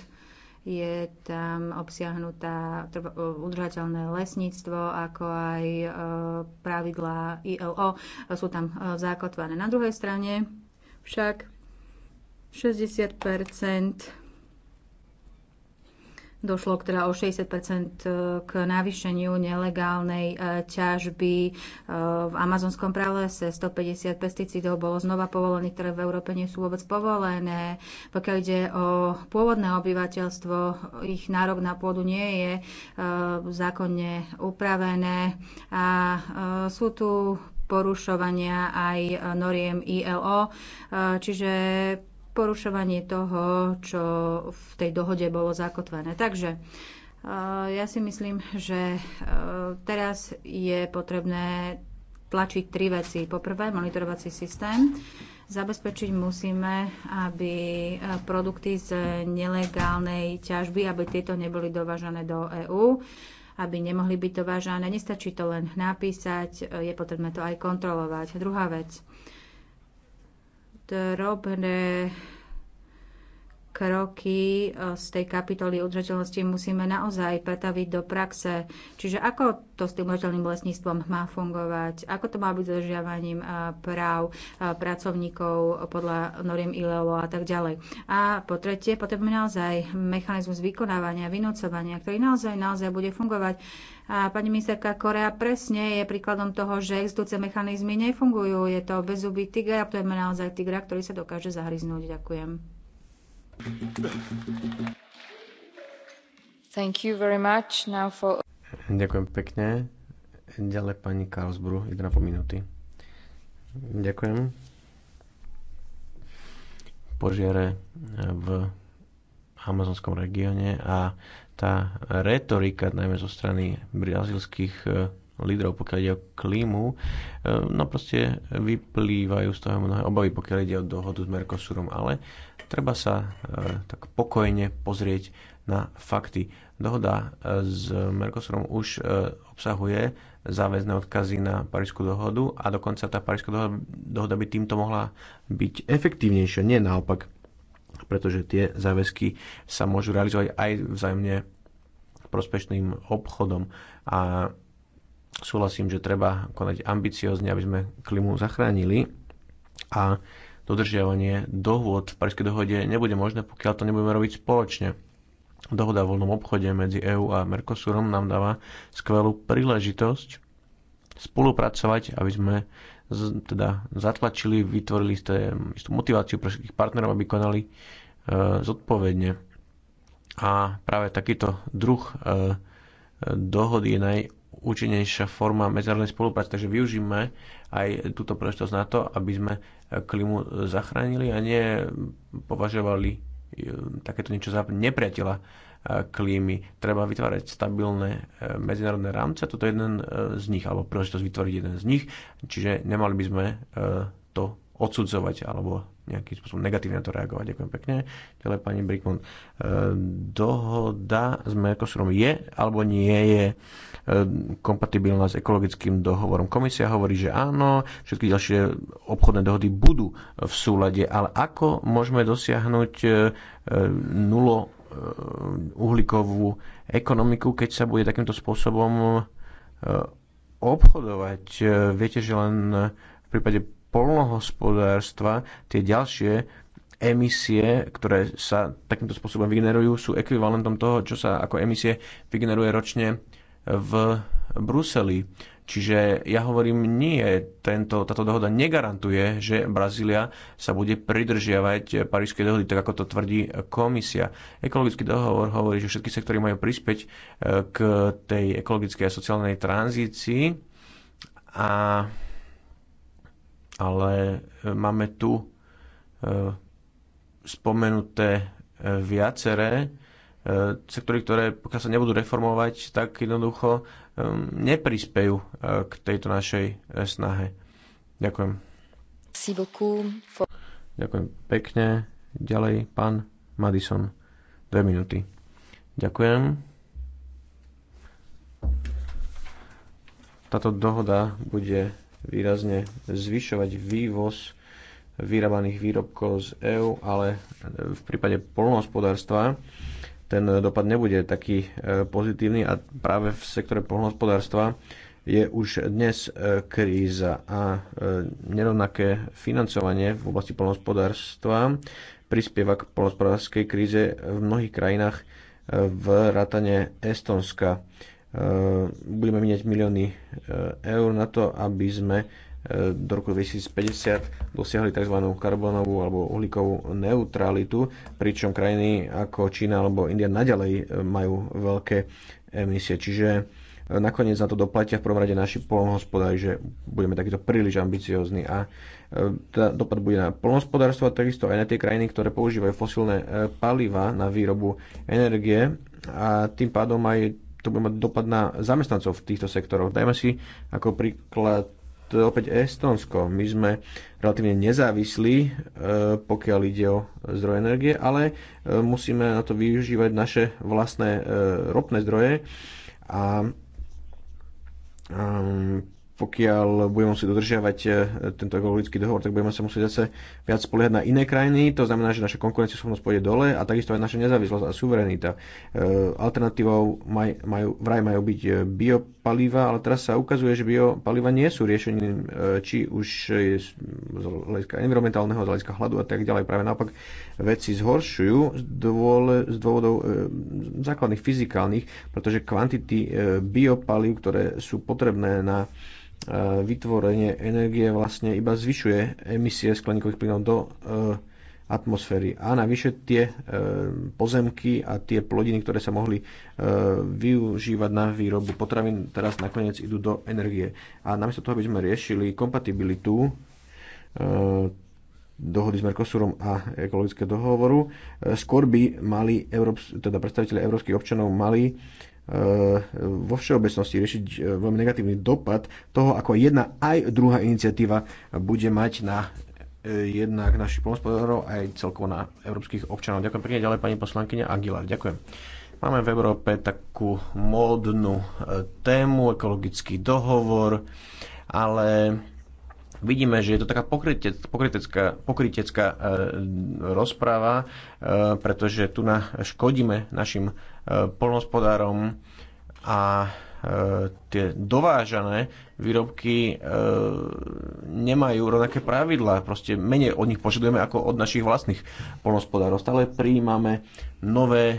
je tam obsiahnutá udržateľné lesníctvo, ako aj e, pravidlá ILO sú tam e, zakotvané. Na druhej strane však 60 Došlo k teda o 60 e, k navýšeniu nelegálnej e, ťažby e, v amazonskom pralese. 150 pesticídov bolo znova povolených, ktoré v Európe nie sú vôbec povolené. Pokiaľ ide o pôvodné obyvateľstvo, ich nárok na pôdu nie je zákonne upravené. A sú tu porušovania aj noriem ILO, čiže porušovanie toho, čo v tej dohode bolo zakotvené. Takže eh, ja si myslím, že eh, teraz je potrebné tlačiť tri veci. Poprvé, monitorovací systém. Zabezpečiť musíme, aby eh, produkty z nelegálnej ťažby, aby tieto neboli dovážané do EÚ aby nemohli byť dovážané. Nestačí to len napísať, je potrebné to aj kontrolovať. Druhá vec, drobné kroky e, z tej kapitoly udržateľnosti musíme naozaj pretaviť do praxe. Čiže ako to s tým udržateľným lesníctvom má fungovať, ako to má byť dodržiavaním e, práv e, pracovníkov podľa noriem ILO a tak ďalej. A po tretie, potrebujeme naozaj mechanizmus vykonávania, vynúcovania, ktorý naozaj, naozaj bude fungovať. A pani ministerka Korea presne je príkladom toho, že existujúce mechanizmy nefungujú. Je to bezubý tigra, a to je naozaj tigra, ktorý sa dokáže zahryznúť. Ďakujem. For... Ďakujem pekne. Ďalej pani Karlsbru, 1,5 minúty. Ďakujem. Požiare v amazonskom regióne a tá retorika, najmä zo strany brazilských lídrov, pokiaľ ide o klímu, e, no proste vyplývajú z toho mnohé obavy, pokiaľ ide o dohodu s Mercosurom, ale treba sa e, tak pokojne pozrieť na fakty. Dohoda e, s Mercosurom už obsahuje záväzné odkazy na Parížskú dohodu a dokonca tá Parížská dohoda, dohoda by týmto mohla byť efektívnejšia, nie naopak, pretože tie záväzky sa môžu realizovať aj vzájomne prospešným obchodom a Súhlasím, že treba konať ambiciozne, aby sme klimu zachránili a dodržiavanie dohôd v Parískej dohode nebude možné, pokiaľ to nebudeme robiť spoločne. Dohoda o voľnom obchode medzi EÚ a Mercosurom nám dáva skvelú príležitosť spolupracovať, aby sme z, teda zatlačili, vytvorili ste istú motiváciu pre všetkých partnerov, aby konali e, zodpovedne. A práve takýto druh e, e dohody je naj účinnejšia forma medzinárodnej spolupráce. Takže využíme aj túto príležitosť na to, aby sme klimu zachránili a nie považovali eh, takéto niečo za nepriateľa eh, klímy. Treba vytvárať stabilné eh, medzinárodné rámce, toto je jeden z nich, alebo príležitosť vytvoriť jeden z nich, čiže nemali by sme to odsudzovať alebo nejakým spôsobom negatívne na to reagovať. Ďakujem pekne. Ďalej pani Brickmont. E, dohoda s Mercosurom je alebo nie je e, kompatibilná s ekologickým dohovorom. Komisia hovorí, že áno, všetky ďalšie obchodné dohody budú v súlade, ale ako môžeme dosiahnuť e, nulo uhlíkovú ekonomiku, keď sa bude takýmto spôsobom obchodovať. Viete, že len v prípade polnohospodárstva tie ďalšie emisie, ktoré sa takýmto spôsobom vygenerujú, sú ekvivalentom toho, čo sa ako emisie vygeneruje ročne v Bruseli. Čiže ja hovorím, nie, tento, táto dohoda negarantuje, že Brazília sa bude pridržiavať Parížskej dohody, tak ako to tvrdí komisia. Ekologický dohovor hovorí, že všetky sektory majú prispäť eh, k tej ekologickej a sociálnej tranzícii a ale e, máme tu e, spomenuté e, viaceré sektory, ktoré pokiaľ sa nebudú reformovať, tak jednoducho neprispejú k tejto našej snahe. Ďakujem. Ďakujem pekne. Ďalej pán Madison. Dve minúty. Ďakujem. Táto dohoda bude výrazne zvyšovať vývoz vyrábaných výrobkov z EÚ, ale v prípade polnohospodárstva ten dopad nebude taký e, pozitívny a práve v sektore polnohospodárstva je už dnes e, kríza a e, nerovnaké financovanie v oblasti polnohospodárstva prispieva k polnohospodárskej kríze v mnohých krajinách vrátane Estonska. Eh, budeme miniať milióny eh, eur na to, aby sme eh, do roku 2050 dosiahli tzv. karbonovú alebo uhlíkovú neutralitu, pričom krajiny ako Čína alebo India naďalej majú veľké emisie. Čiže nakoniec na to doplatia v prvom rade naši polnohospodári, že budeme takýto príliš ambiciózni. a teda dopad bude na polnohospodárstvo a takisto aj na tie krajiny, ktoré používajú fosilné paliva na výrobu energie a tým pádom aj to bude mať dopad na zamestnancov v týchto sektoroch. Dajme si ako príklad opäť Estonsko. My sme relatívne nezávislí, e, pokiaľ ide o zdroje energie, ale e, musíme na to využívať naše vlastné e, ropné zdroje a pokiaľ budeme musieť dodržiavať e, tento ekologický dohovor, tak budeme sa musieť zase viac spoliehať na iné krajiny. To znamená, že naša konkurencieschopnosť pôjde dole a takisto aj naša nezávislosť a suverenita. E, alternatívou maj, majú, vraj majú byť e, biopaliva, ale teraz sa ukazuje, že biopaliva nie sú riešením či už z hľadiska environmentálneho, z hľadiska hladu a tak ďalej. Práve naopak veci zhoršujú z, dôle, z dôvodov základných fyzikálnych, pretože kvantity biopalív, ktoré sú potrebné na E, vytvorenie energie vlastne iba zvyšuje emisie skleníkových plynov do e, atmosféry. A navyše tie e, pozemky a tie plodiny, ktoré sa mohli využívať na výrobu potravín, teraz nakoniec idú do energie. A namiesto toho, aby sme riešili kompatibilitu dohody s Mercosurom a ekologické dohovoru. Skôr by mali Európs- teda predstaviteľe európskych občanov mali vo všeobecnosti riešiť e, veľmi negatívny dopad toho, ako jedna aj druhá iniciatíva bude mať na e, jednak našich polnospodárov aj celkovo na európskych občanov. Ďakujem pekne ďalej pani poslankyňa Aguilar. Ďakujem. Máme v Európe takú módnu e, tému, ekologický dohovor, ale vidíme, že je to taká pokrytecká, pokrytecká e, rozpráva, e, pretože tu na, škodíme našim Eh, polnospodárom a E, tie dovážané výrobky e, nemajú rovnaké pravidlá. Proste menej od nich požadujeme ako od našich vlastných polnospodárov. Stále prijímame nové e,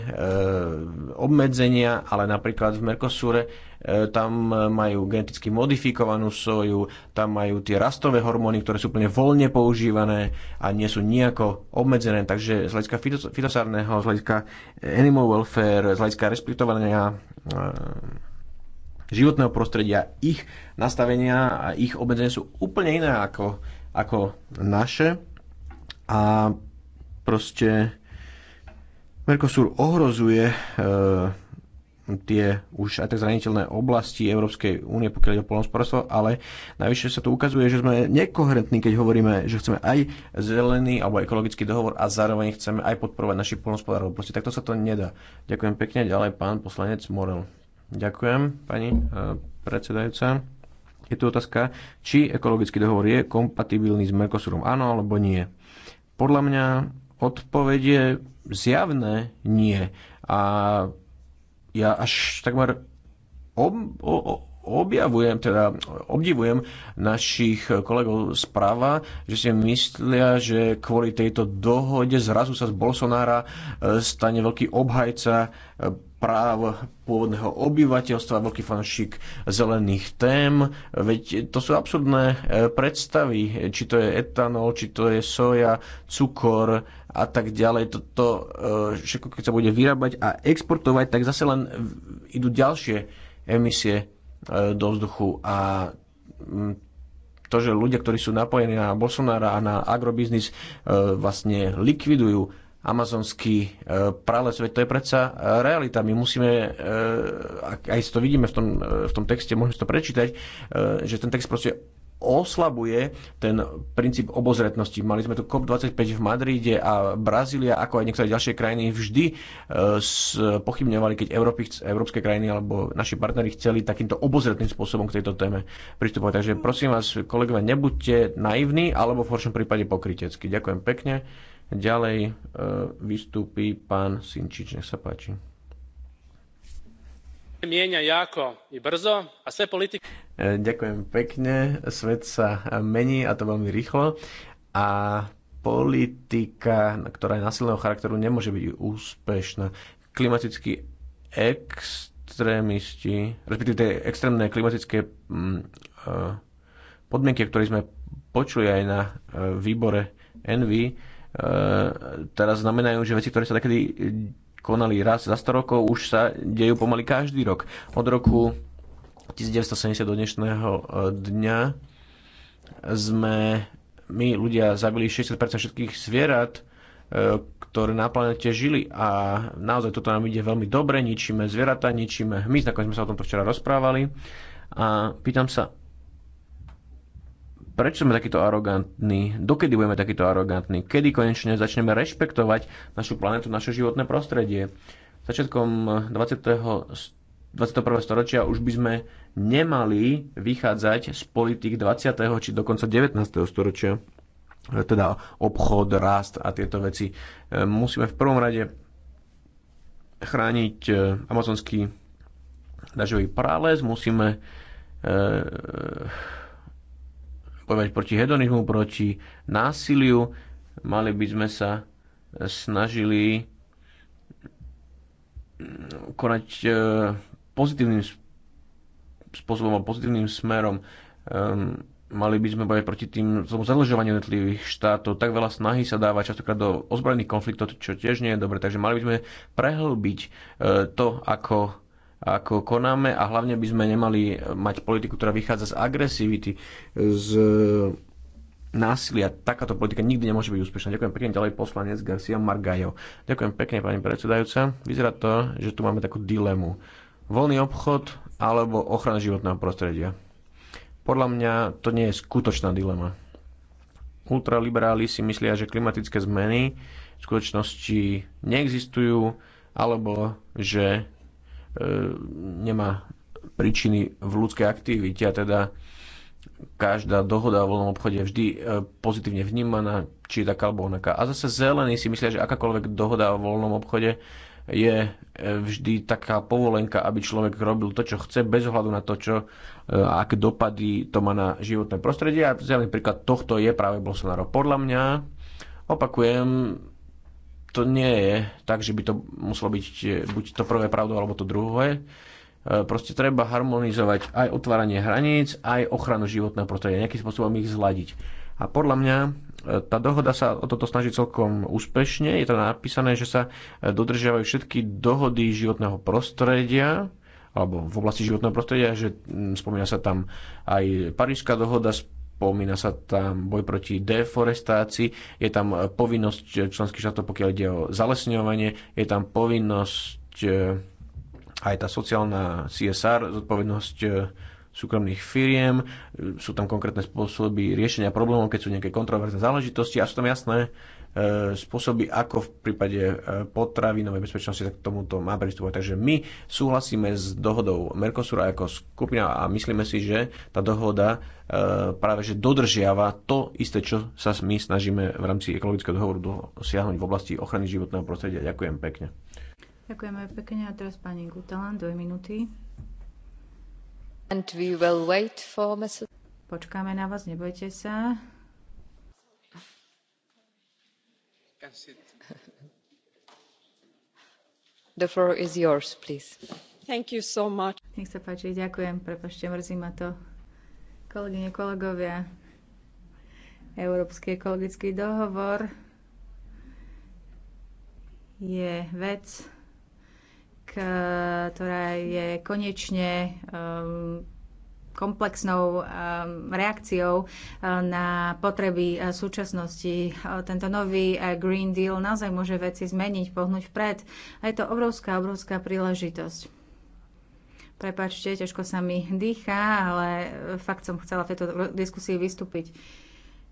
obmedzenia, ale napríklad v Mercosure tam majú geneticky modifikovanú soju, tam majú tie rastové hormóny, ktoré sú úplne voľne používané a nie sú nejako obmedzené. Takže z hľadiska fitosárneho, z hľadiska animal welfare, z hľadiska respektovania životného prostredia, ich nastavenia a ich obmedzenia sú úplne iné ako, ako naše a proste Mercosur ohrozuje e, tie už aj tak zraniteľné oblasti Európskej únie, pokiaľ ide o polnospodárstvo, ale najvyššie sa tu ukazuje, že sme nekoherentní, keď hovoríme, že chceme aj zelený alebo ekologický dohovor a zároveň chceme aj podporovať našich polnospodárov. Proste takto sa to nedá. Ďakujem pekne. Ďalej pán poslanec Morel. Ďakujem, pani e, predsedajúca. Je tu otázka, či ekologický dohovor je kompatibilný s Mercosurom, áno alebo nie. Podľa mňa odpovedie je zjavné nie. A ja až takmer ob, ob, objavujem, teda obdivujem našich kolegov z práva, že si myslia, že kvôli tejto dohode zrazu sa z Bolsonára e, stane veľký obhajca e, práv pôvodného obyvateľstva, veľký fanšik zelených tém. Veď to sú absurdné e, predstavy, či to je etanol, či to je soja, cukor a tak ďalej. Toto e, všetko, keď sa bude vyrábať a exportovať, tak zase len idú ďalšie emisie e, do vzduchu a to, že ľudia, ktorí sú napojení na Bolsonaro a na agrobiznis, vlastne likvidujú amazonský e, prales, veď to je predsa e, realita. My musíme, e, aj si to vidíme v tom, v tom texte, môžeme si to prečítať, že ten text proste oslabuje ten princíp obozretnosti. Mali sme tu COP25 v Madride a Brazília, ako aj niektoré ďalšie krajiny, vždy pochybňovali, keď Európy, európske krajiny alebo naši partneri chceli takýmto obozretným spôsobom k tejto téme pristupovať. Takže prosím vás, kolegovia, nebuďte naivní alebo v horšom prípade pokrytecky. Ďakujem pekne. Ďalej e, vystúpi pán Sinčič, nech sa páči. Mienia jako i brzo a sve politiky... E, ďakujem pekne. Svet sa mení a to veľmi rýchlo. A politika, ktorá je nasilného charakteru, nemôže byť úspešná. Klimatický extrémisti, respektíve tie extrémne klimatické mm, e, podmienky, ktoré sme počuli aj na výbore Envy, E, teraz znamenajú, že veci, ktoré sa takedy konali raz za 100 rokov, už sa dejú pomaly každý rok. Od roku 1970 do dnešného e, dňa sme my ľudia zabili 60% všetkých zvierat, e, ktoré na planete žili a naozaj toto nám ide veľmi dobre, ničíme zvieratá, ničíme hmyz, nakoniec sme sa o tomto včera rozprávali a pýtam sa, Prečo sme takýto arogantní? Dokedy budeme takýto arogantní? Kedy konečne začneme rešpektovať našu planetu, naše životné prostredie? Začiatkom 20. 21. storočia už by sme nemali vychádzať z politik 20. či dokonca 19. storočia. Teda obchod, rast a tieto veci. E, musíme v prvom rade chrániť e, amazonský dažový prales, musíme e, bojovať proti hedonizmu, proti násiliu. Mali by sme sa snažili mm, konať e, pozitívnym spôsobom a pozitívnym smerom. Ehm, mali by sme bojovať proti tým zadlžovaniu jednotlivých štátov. Tak veľa snahy sa dáva častokrát do ozbrojených konfliktov, čo tiež nie je dobre. Takže mali by sme prehlbiť e, to, ako ako konáme a hlavne by sme nemali mať politiku, ktorá vychádza z agresivity, z e, násilia. Takáto politika nikdy nemôže byť úspešná. Ďakujem pekne ďalej poslanec Garcia Margajo. Ďakujem pekne pani predsedajúca. Vyzerá to, že tu máme takú dilemu. Voľný obchod alebo ochrana životného prostredia. Podľa mňa to nie je skutočná dilema. Ultraliberáli si myslia, že klimatické zmeny v skutočnosti neexistujú alebo že E, nemá príčiny v ľudskej aktivite a teda každá dohoda o voľnom obchode je vždy e, pozitívne vnímaná, či je taká alebo onaká. A zase zelení si myslia, že akákoľvek dohoda o voľnom obchode je e, vždy taká povolenka, aby človek robil to, čo chce, bez ohľadu na to, čo, aké dopady to má na životné prostredie. A zelený príklad tohto je práve Bolsonaro. Podľa mňa, opakujem, to nie je tak, že by to muselo byť e, buď to prvé pravdo alebo to druhé. E, proste treba harmonizovať aj otváranie hraníc, aj ochranu životného prostredia, nejakým spôsobom ich zladiť. A podľa mňa e, tá dohoda sa o toto snaží celkom úspešne. Je to napísané, že sa dodržiavajú všetky dohody životného prostredia, alebo v oblasti životného prostredia, že mm, spomína sa tam aj Parížská dohoda, spomína sa tam boj proti deforestácii, je tam povinnosť členských štátov, pokiaľ ide o zalesňovanie, je tam povinnosť e, aj tá sociálna CSR, zodpovednosť e, súkromných firiem, e, sú tam konkrétne spôsoby riešenia problémov, keď sú nejaké kontroverzné záležitosti a sú tam jasné E, spôsoby, ako v prípade e, potravinovej bezpečnosti tak k tomuto má pristupovať. Takže my súhlasíme s dohodou Mercosura ako skupina a myslíme si, že tá dohoda e, práve že dodržiava to isté, čo sa my snažíme v rámci ekologického dohovoru dosiahnuť v oblasti ochrany životného prostredia. Ďakujem pekne. Ďakujeme pekne a teraz pani Gutalan, dve minúty. And we will wait for Počkáme na vás, nebojte sa. The floor is yours, please. Thank you so much. Nech sa páči, ďakujem. Prepašte, mrzí ma to. Kolegyne, kolegovia, Európsky ekologický dohovor je vec, ktorá je konečne um, komplexnou eh, reakciou eh, na potreby eh, súčasnosti. Tento nový Green Deal naozaj môže veci zmeniť, pohnúť vpred. A je to obrovská, obrovská príležitosť. Prepačte, ťažko sa mi dýcha, ale fakt som chcela v tejto diskusii vystúpiť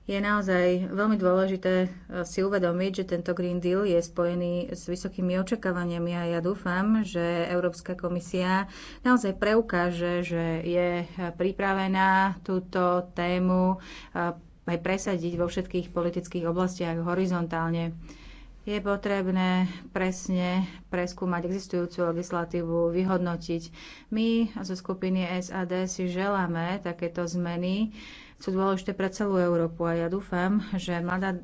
je naozaj veľmi dôležité eh, si uvedomiť, že tento Green Deal je spojený s vysokými očakávaniami a ja dúfam, že Európska komisia naozaj preukáže, že je eh, pripravená túto tému eh, aj presadiť vo všetkých politických oblastiach horizontálne. Je potrebné presne preskúmať existujúcu legislatívu, vyhodnotiť. My zo skupiny SAD si želáme takéto zmeny, sú dôležité pre celú Európu a ja dúfam, že mladá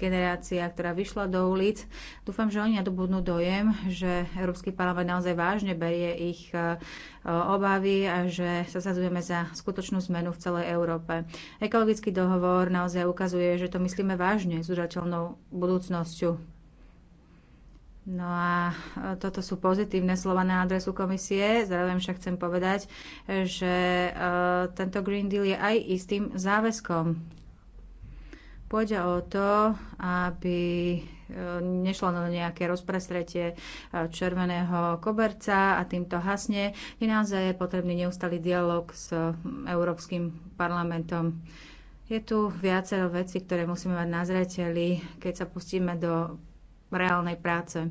generácia, ktorá vyšla do ulic. Dúfam, že oni nadobudnú dojem, že Európsky parlament naozaj vážne berie ich e, obavy a že sa zazujeme za skutočnú zmenu v celej Európe. Ekologický dohovor naozaj ukazuje, že to myslíme vážne s udržateľnou budúcnosťou No a e, toto sú pozitívne slova na adresu komisie. Zároveň však chcem povedať, že e, tento Green Deal je aj istým záväzkom. Pôjde o to, aby e, nešlo na nejaké rozprestretie červeného koberca a týmto hasne. Je naozaj potrebný neustály dialog s Európskym parlamentom. Je tu viacero vecí, ktoré musíme mať na zreteli, keď sa pustíme do reálnej práce.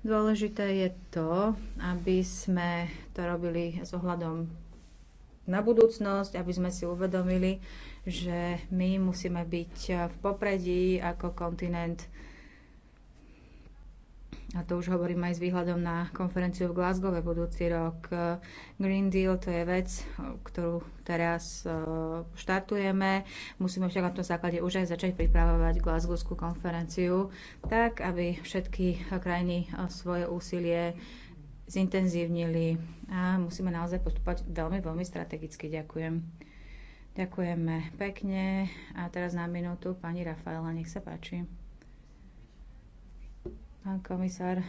Dôležité je to, aby sme to robili s ohľadom na budúcnosť, aby sme si uvedomili, že my musíme byť v popredí ako kontinent a to už hovorím aj s výhľadom na konferenciu v Glasgow budúci rok. Green Deal to je vec, ktorú teraz e, štartujeme. Musíme však na tom základe už aj začať pripravovať Glasgowskú konferenciu, tak aby všetky krajiny e, svoje úsilie zintenzívnili a musíme naozaj postupovať veľmi, veľmi strategicky. Ďakujem. Ďakujeme pekne. A teraz na minútu pani Rafaela, nech sa páči. Pán komisár,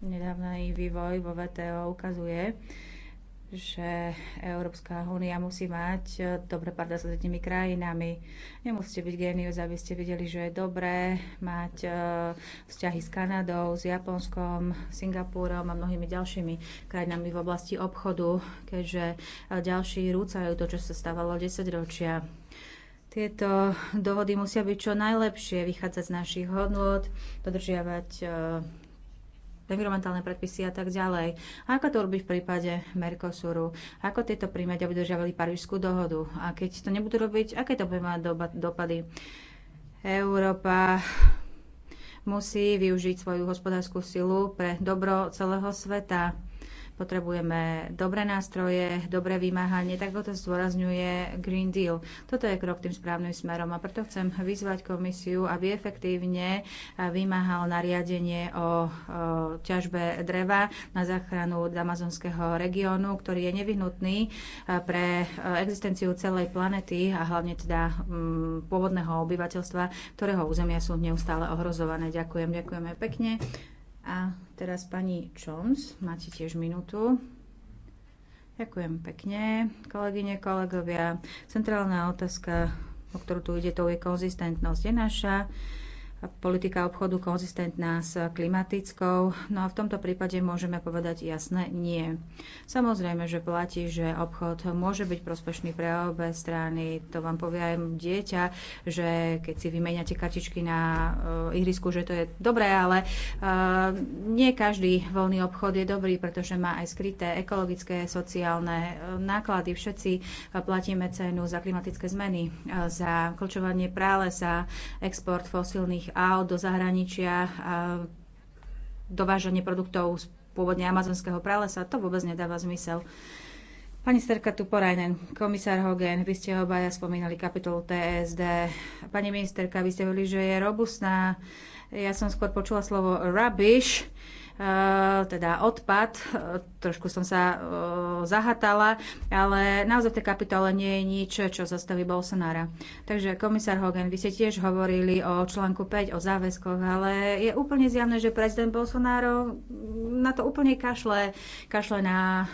nedávny vývoj vo VTO ukazuje, že Európska únia musí mať dobre pardon s tými krajinami. Nemusíte byť génius, aby ste videli, že je dobré mať e, vzťahy s Kanadou, s Japonskom, Singapúrom a mnohými ďalšími krajinami v oblasti obchodu, keďže e, ďalší rúcajú to, čo sa stávalo 10 ročia. Tieto dohody musia byť čo najlepšie, vychádzať z našich hodnot, dodržiavať e, environmentálne predpisy a tak ďalej. A ako to robiť v prípade Mercosuru? Ako tieto príjmať, aby dodržiavali Parížskú dohodu? A keď to nebudú robiť, aké to bude mať dopady? Európa musí využiť svoju hospodárskú silu pre dobro celého sveta. Potrebujeme dobré nástroje, dobré vymáhanie, tak to zdôrazňuje Green Deal. Toto je krok tým správnym smerom a preto chcem vyzvať komisiu, aby efektívne vymáhal nariadenie o, o ťažbe dreva na záchranu amazonského regiónu, ktorý je nevyhnutný e, pre existenciu celej planety a hlavne teda mm, pôvodného obyvateľstva, ktorého územia sú neustále ohrozované. Ďakujem, ďakujeme pekne. A teraz pani Čons, máte tiež minútu. Ďakujem pekne, kolegyne, kolegovia. Centrálna otázka, o ktorú tu ide, to je konzistentnosť. Je naša politika obchodu konzistentná s klimatickou. No a v tomto prípade môžeme povedať jasné nie. Samozrejme, že platí, že obchod môže byť prospešný pre obe strany. To vám povie aj dieťa, že keď si vymeniate kartičky na uh, ihrisku, že to je dobré, ale uh, nie každý voľný obchod je dobrý, pretože má aj skryté ekologické, sociálne uh, náklady. Všetci uh, platíme cenu za klimatické zmeny, uh, za klčovanie prálesa, export fosílnych aut do zahraničia, dováženie produktov z pôvodne amazonského pralesa, to vôbec nedáva zmysel. Pani Sterka Tuporajnen, komisár Hogan, vy ste obaja spomínali kapitolu TSD. Pani ministerka, vy ste hovorili, že je robustná. Ja som skôr počula slovo rubbish, e, teda odpad trošku som sa e, zahatala, ale naozaj v tej kapitole nie je nič, čo zastaví Bolsonára. Takže komisár Hogan, vy ste tiež hovorili o článku 5, o záväzkoch, ale je úplne zjavné, že prezident Bolsonaro na to úplne kašle, kašle na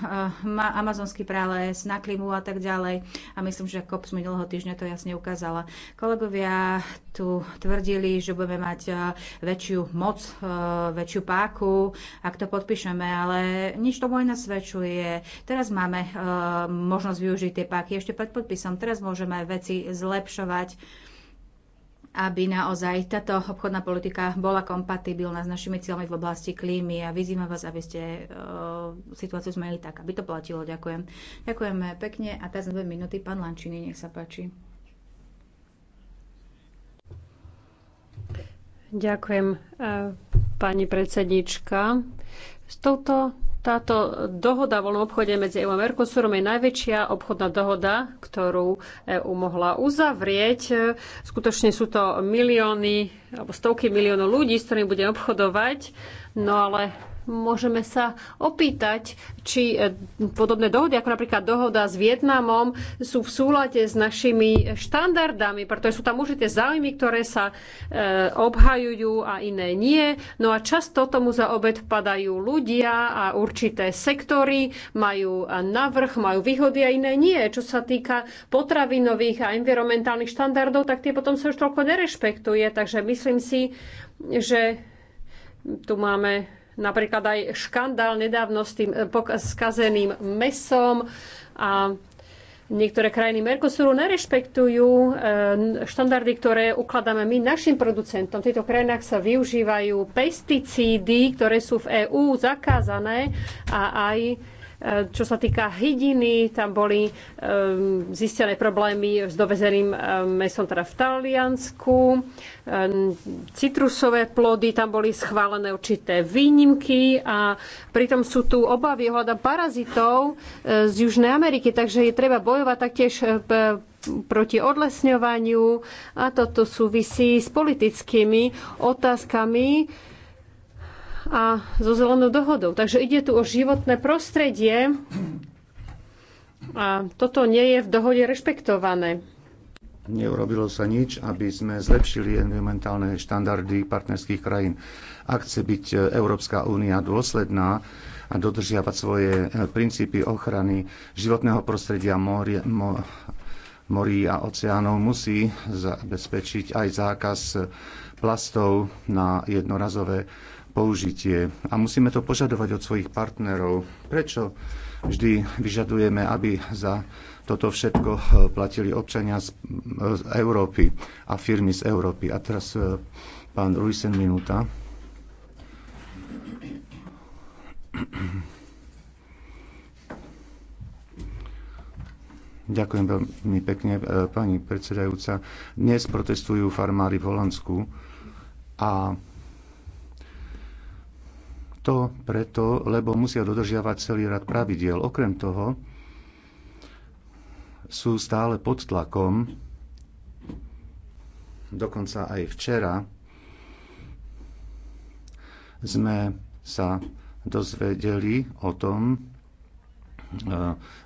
uh, amazonský prales, na klimu a tak ďalej. A myslím, že COP minulého týždňa to jasne ukázala. Kolegovia tu tvrdili, že budeme mať uh, väčšiu moc, uh, väčšiu páku, ak to podpíšeme, ale nič tomu vojna svedčuje. Teraz máme e, možnosť využiť tie páky ešte pred podpisom. Teraz môžeme veci zlepšovať aby naozaj táto obchodná politika bola kompatibilná s našimi cieľmi v oblasti klímy a vyzývam vás, aby ste e, situáciu zmenili tak, aby to platilo. Ďakujem. Ďakujeme pekne a teraz dve minúty pán Lančiny, nech sa páči. Ďakujem, e, pani predsednička. S touto táto dohoda o voľnom obchode medzi EU a Mercosurom je najväčšia obchodná dohoda, ktorú EU mohla uzavrieť. Skutočne sú to milióny alebo stovky miliónov ľudí, s ktorými bude obchodovať, no ale môžeme sa opýtať, či e, podobné dohody, ako napríklad dohoda s Vietnamom, sú v súlade s našimi štandardami, pretože sú tam určité záujmy, ktoré sa e, obhajujú a iné nie. No a často tomu za obed padajú ľudia a určité sektory majú navrh, majú výhody a iné nie. Čo sa týka potravinových a environmentálnych štandardov, tak tie potom sa už toľko nerešpektuje. Takže my Myslím si, že tu máme napríklad aj škandál nedávno s tým eh, skazeným mesom a niektoré krajiny Mercosuru nerešpektujú eh, štandardy, ktoré ukladáme my našim producentom. V týchto krajinách sa využívajú pesticídy, ktoré sú v EÚ zakázané a aj E, čo sa týka hydiny, tam boli e, zistené problémy s dovezeným e, mesom teda v Taliansku. Citrusové plody, tam boli schválené určité výnimky a pritom sú tu obavy hľada parazitov z Južnej Ameriky, takže je treba bojovať taktiež proti odlesňovaniu a toto súvisí s politickými otázkami a so zelenou dohodou. Takže ide tu o životné prostredie a toto nie je v dohode rešpektované. Neurobilo sa nič, aby sme zlepšili environmentálne štandardy partnerských krajín. Ak chce byť Európska únia dôsledná a dodržiavať svoje princípy ochrany životného prostredia, morie, mo, morí a oceánov, musí zabezpečiť aj zákaz plastov na jednorazové použitie. A musíme to požadovať od svojich partnerov. Prečo vždy vyžadujeme, aby za toto všetko eh, platili občania eh, z Európy a firmy z Európy. A teraz eh, pán Ruisen minúta. Ďakujem veľmi pekne, pani predsedajúca. Dnes protestujú farmári v Holandsku a to preto, lebo musia dodržiavať celý rad pravidiel. Okrem toho sú stále pod tlakom, dokonca aj včera sme sa dozvedeli o tom, eh,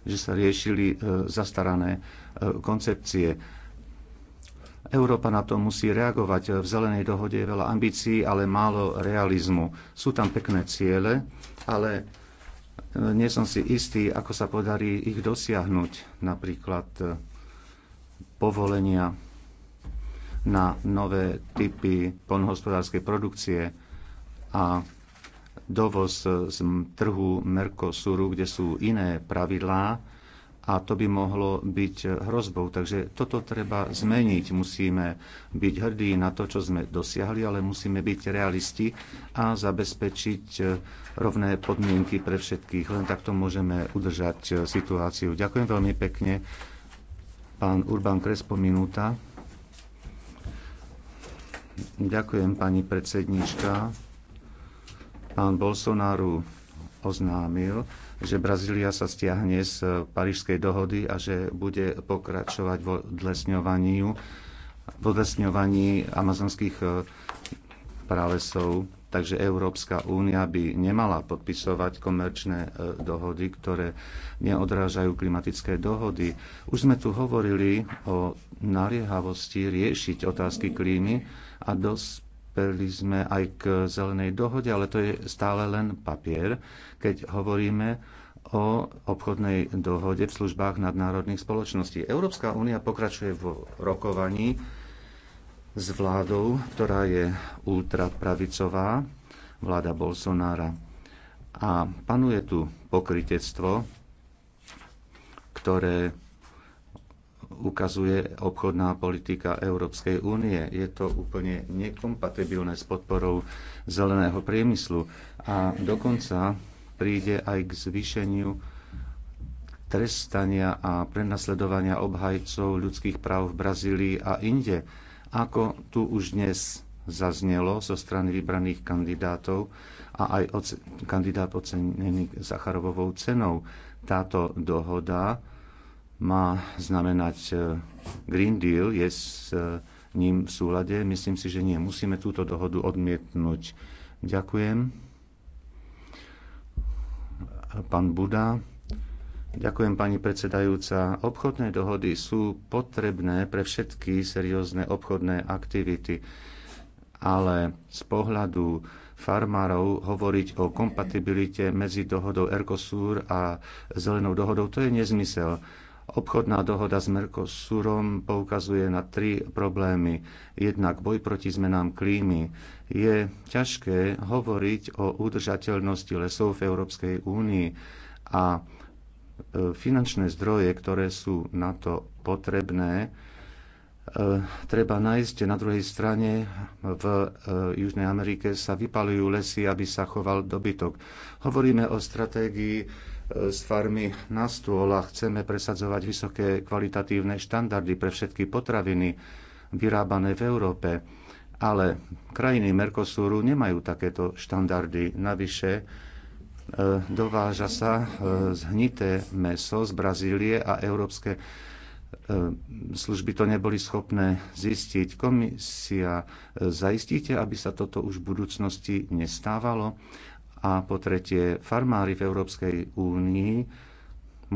že sa riešili eh, zastarané eh, koncepcie. Európa na to musí reagovať. V zelenej dohode je veľa ambícií, ale málo realizmu. Sú tam pekné ciele, ale e, nie som si istý, ako sa podarí ich dosiahnuť. Napríklad e, povolenia na nové typy poľnohospodárskej produkcie a dovoz z trhu Mercosuru, kde sú iné pravidlá, a to by mohlo byť hrozbou. Takže toto treba zmeniť. Musíme byť hrdí na to, čo sme dosiahli, ale musíme byť realisti a zabezpečiť rovné podmienky pre všetkých. Len takto môžeme udržať situáciu. Ďakujem veľmi pekne. Pán Urban Krespo, minúta. Ďakujem, pani predsednička. Pán Bolsonaru oznámil, že Brazília sa stiahne z eh, Parížskej dohody a že bude pokračovať v odlesňovaní, v odlesňovaní amazonských eh, pralesov. Takže Európska únia by nemala podpisovať komerčné eh, dohody, ktoré neodrážajú klimatické dohody. Už sme tu hovorili o naliehavosti riešiť otázky klímy a dosť prispeli sme aj k zelenej dohode, ale to je stále len papier, keď hovoríme o obchodnej dohode v službách nadnárodných spoločností. Európska únia pokračuje v rokovaní s vládou, ktorá je ultrapravicová, vláda Bolsonára. A panuje tu pokritectvo, ktoré ukazuje obchodná politika Európskej únie. Je to úplne nekompatibilné s podporou zeleného priemyslu a dokonca príde aj k zvýšeniu trestania a prenasledovania obhajcov ľudských práv v Brazílii a inde. Ako tu už dnes zaznelo zo strany vybraných kandidátov a aj kandidát ocenený Zacharovovou cenou. Táto dohoda má znamenať e, Green Deal, je s e, ním v súlade? Myslím si, že nie. Musíme túto dohodu odmietnúť. Ďakujem. Pán Buda. Ďakujem, pani predsedajúca. Obchodné dohody sú potrebné pre všetky seriózne obchodné aktivity, ale z pohľadu farmárov hovoriť o kompatibilite medzi dohodou Ercosur a zelenou dohodou, to je nezmysel. Obchodná dohoda s Mercosurom poukazuje na tri problémy. Jednak boj proti zmenám klímy. Je ťažké hovoriť o udržateľnosti lesov v Európskej únii a e, finančné zdroje, ktoré sú na to potrebné, e, treba nájsť na druhej strane v e, Južnej Amerike sa vypalujú lesy, aby sa choval dobytok. Hovoríme o stratégii z e, farmy na stôl a chceme presadzovať vysoké kvalitatívne štandardy pre všetky potraviny vyrábané v Európe. Ale krajiny Mercosuru nemajú takéto štandardy. Navyše e, dováža sa e, zhnité meso z Brazílie a európske služby to neboli schopné zistiť. Komisia, zaistíte, aby sa toto už v budúcnosti nestávalo? A po tretie, farmári v Európskej únii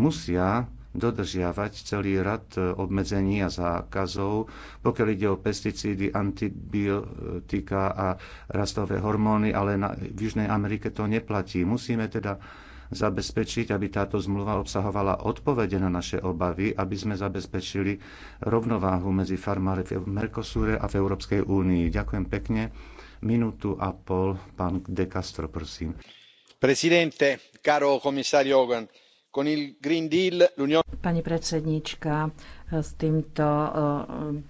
musia dodržiavať celý rad e, obmedzení a zákazov, pokiaľ ide o pesticídy, antibiotika a rastové hormóny, ale na, v Južnej Amerike to neplatí. Musíme teda zabezpečiť, aby táto zmluva obsahovala odpovede na naše obavy, aby sme zabezpečili rovnováhu medzi farmári v Mercosure a v Európskej únii. Ďakujem pekne. Minútu a pol, pán De Castro, prosím. Presidente, caro komisario Hogan, con il Green Deal l'Unione... Pani predsedníčka, s týmto eh,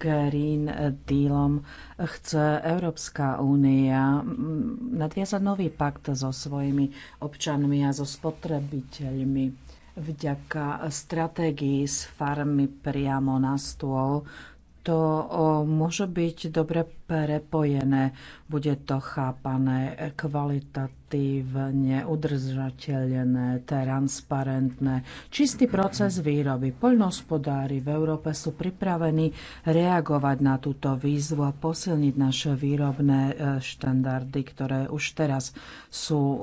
Green Dealom chce Európska únia mm, nadviazať nový pakt so svojimi občanmi a so spotrebiteľmi. Vďaka stratégii s farmy priamo na stôl to eh, môže byť dobre prepojené. Bude to chápané kvalitatívne, udržateľné, transparentné. Čistý proces výroby. Poľnohospodári v Európe sú pripravení reagovať na túto výzvu a posilniť naše výrobné e, štandardy, ktoré už teraz sú e,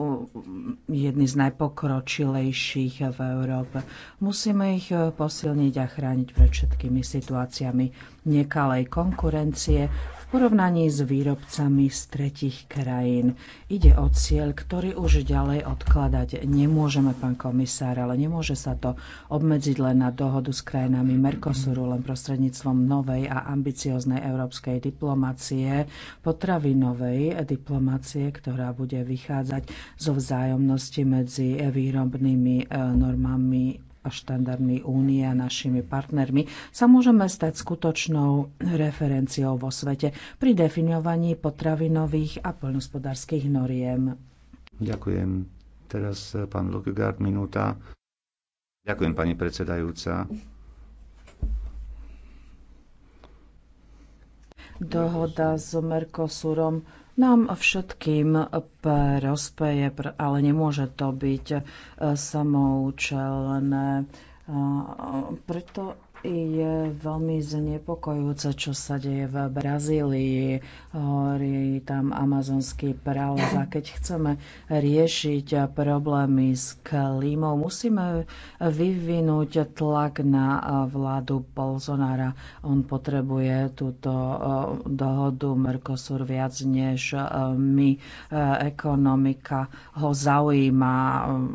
jedny z najpokročilejších v Európe. Musíme ich e, posilniť a chrániť pred všetkými situáciami nekalej konkurencie, porovnaní s výrobcami z tretich krajín. Ide o cieľ, ktorý už ďalej odkladať nemôžeme, pán komisár, ale nemôže sa to obmedziť len na dohodu s krajinami Mercosuru, len prostredníctvom novej a ambicioznej európskej diplomácie, potravinovej diplomácie, ktorá bude vychádzať zo vzájomnosti medzi výrobnými eh, normami štandardmi únie a našimi partnermi, sa môžeme stať skutočnou referenciou vo svete pri definovaní potravinových a poľnospodárskych noriem. Ďakujem. Teraz eh, pán Lukegaard, minúta. Ďakujem, pani predsedajúca. Dohoda s Mercosurom nám všetkým prospeje, ale nemôže to byť eh, samoučelné. Eh, preto je veľmi znepokojúce, čo sa deje v Brazílii. Hovorí tam amazonský prales a keď chceme riešiť problémy s klímou, musíme vyvinúť tlak na vládu Bolsonára. On potrebuje túto eh, dohodu Mercosur viac než eh, my. Eh, ekonomika ho zaujíma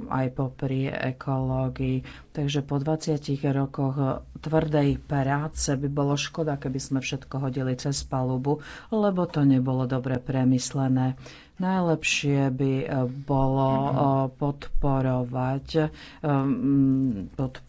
aj popri ekológii Takže po 20 rokoch eh, tvrdej práce by bolo škoda, keby sme všetko hodili cez palubu, lebo to nebolo dobre premyslené. Najlepšie by eh, bolo eh, podporovať, podporovať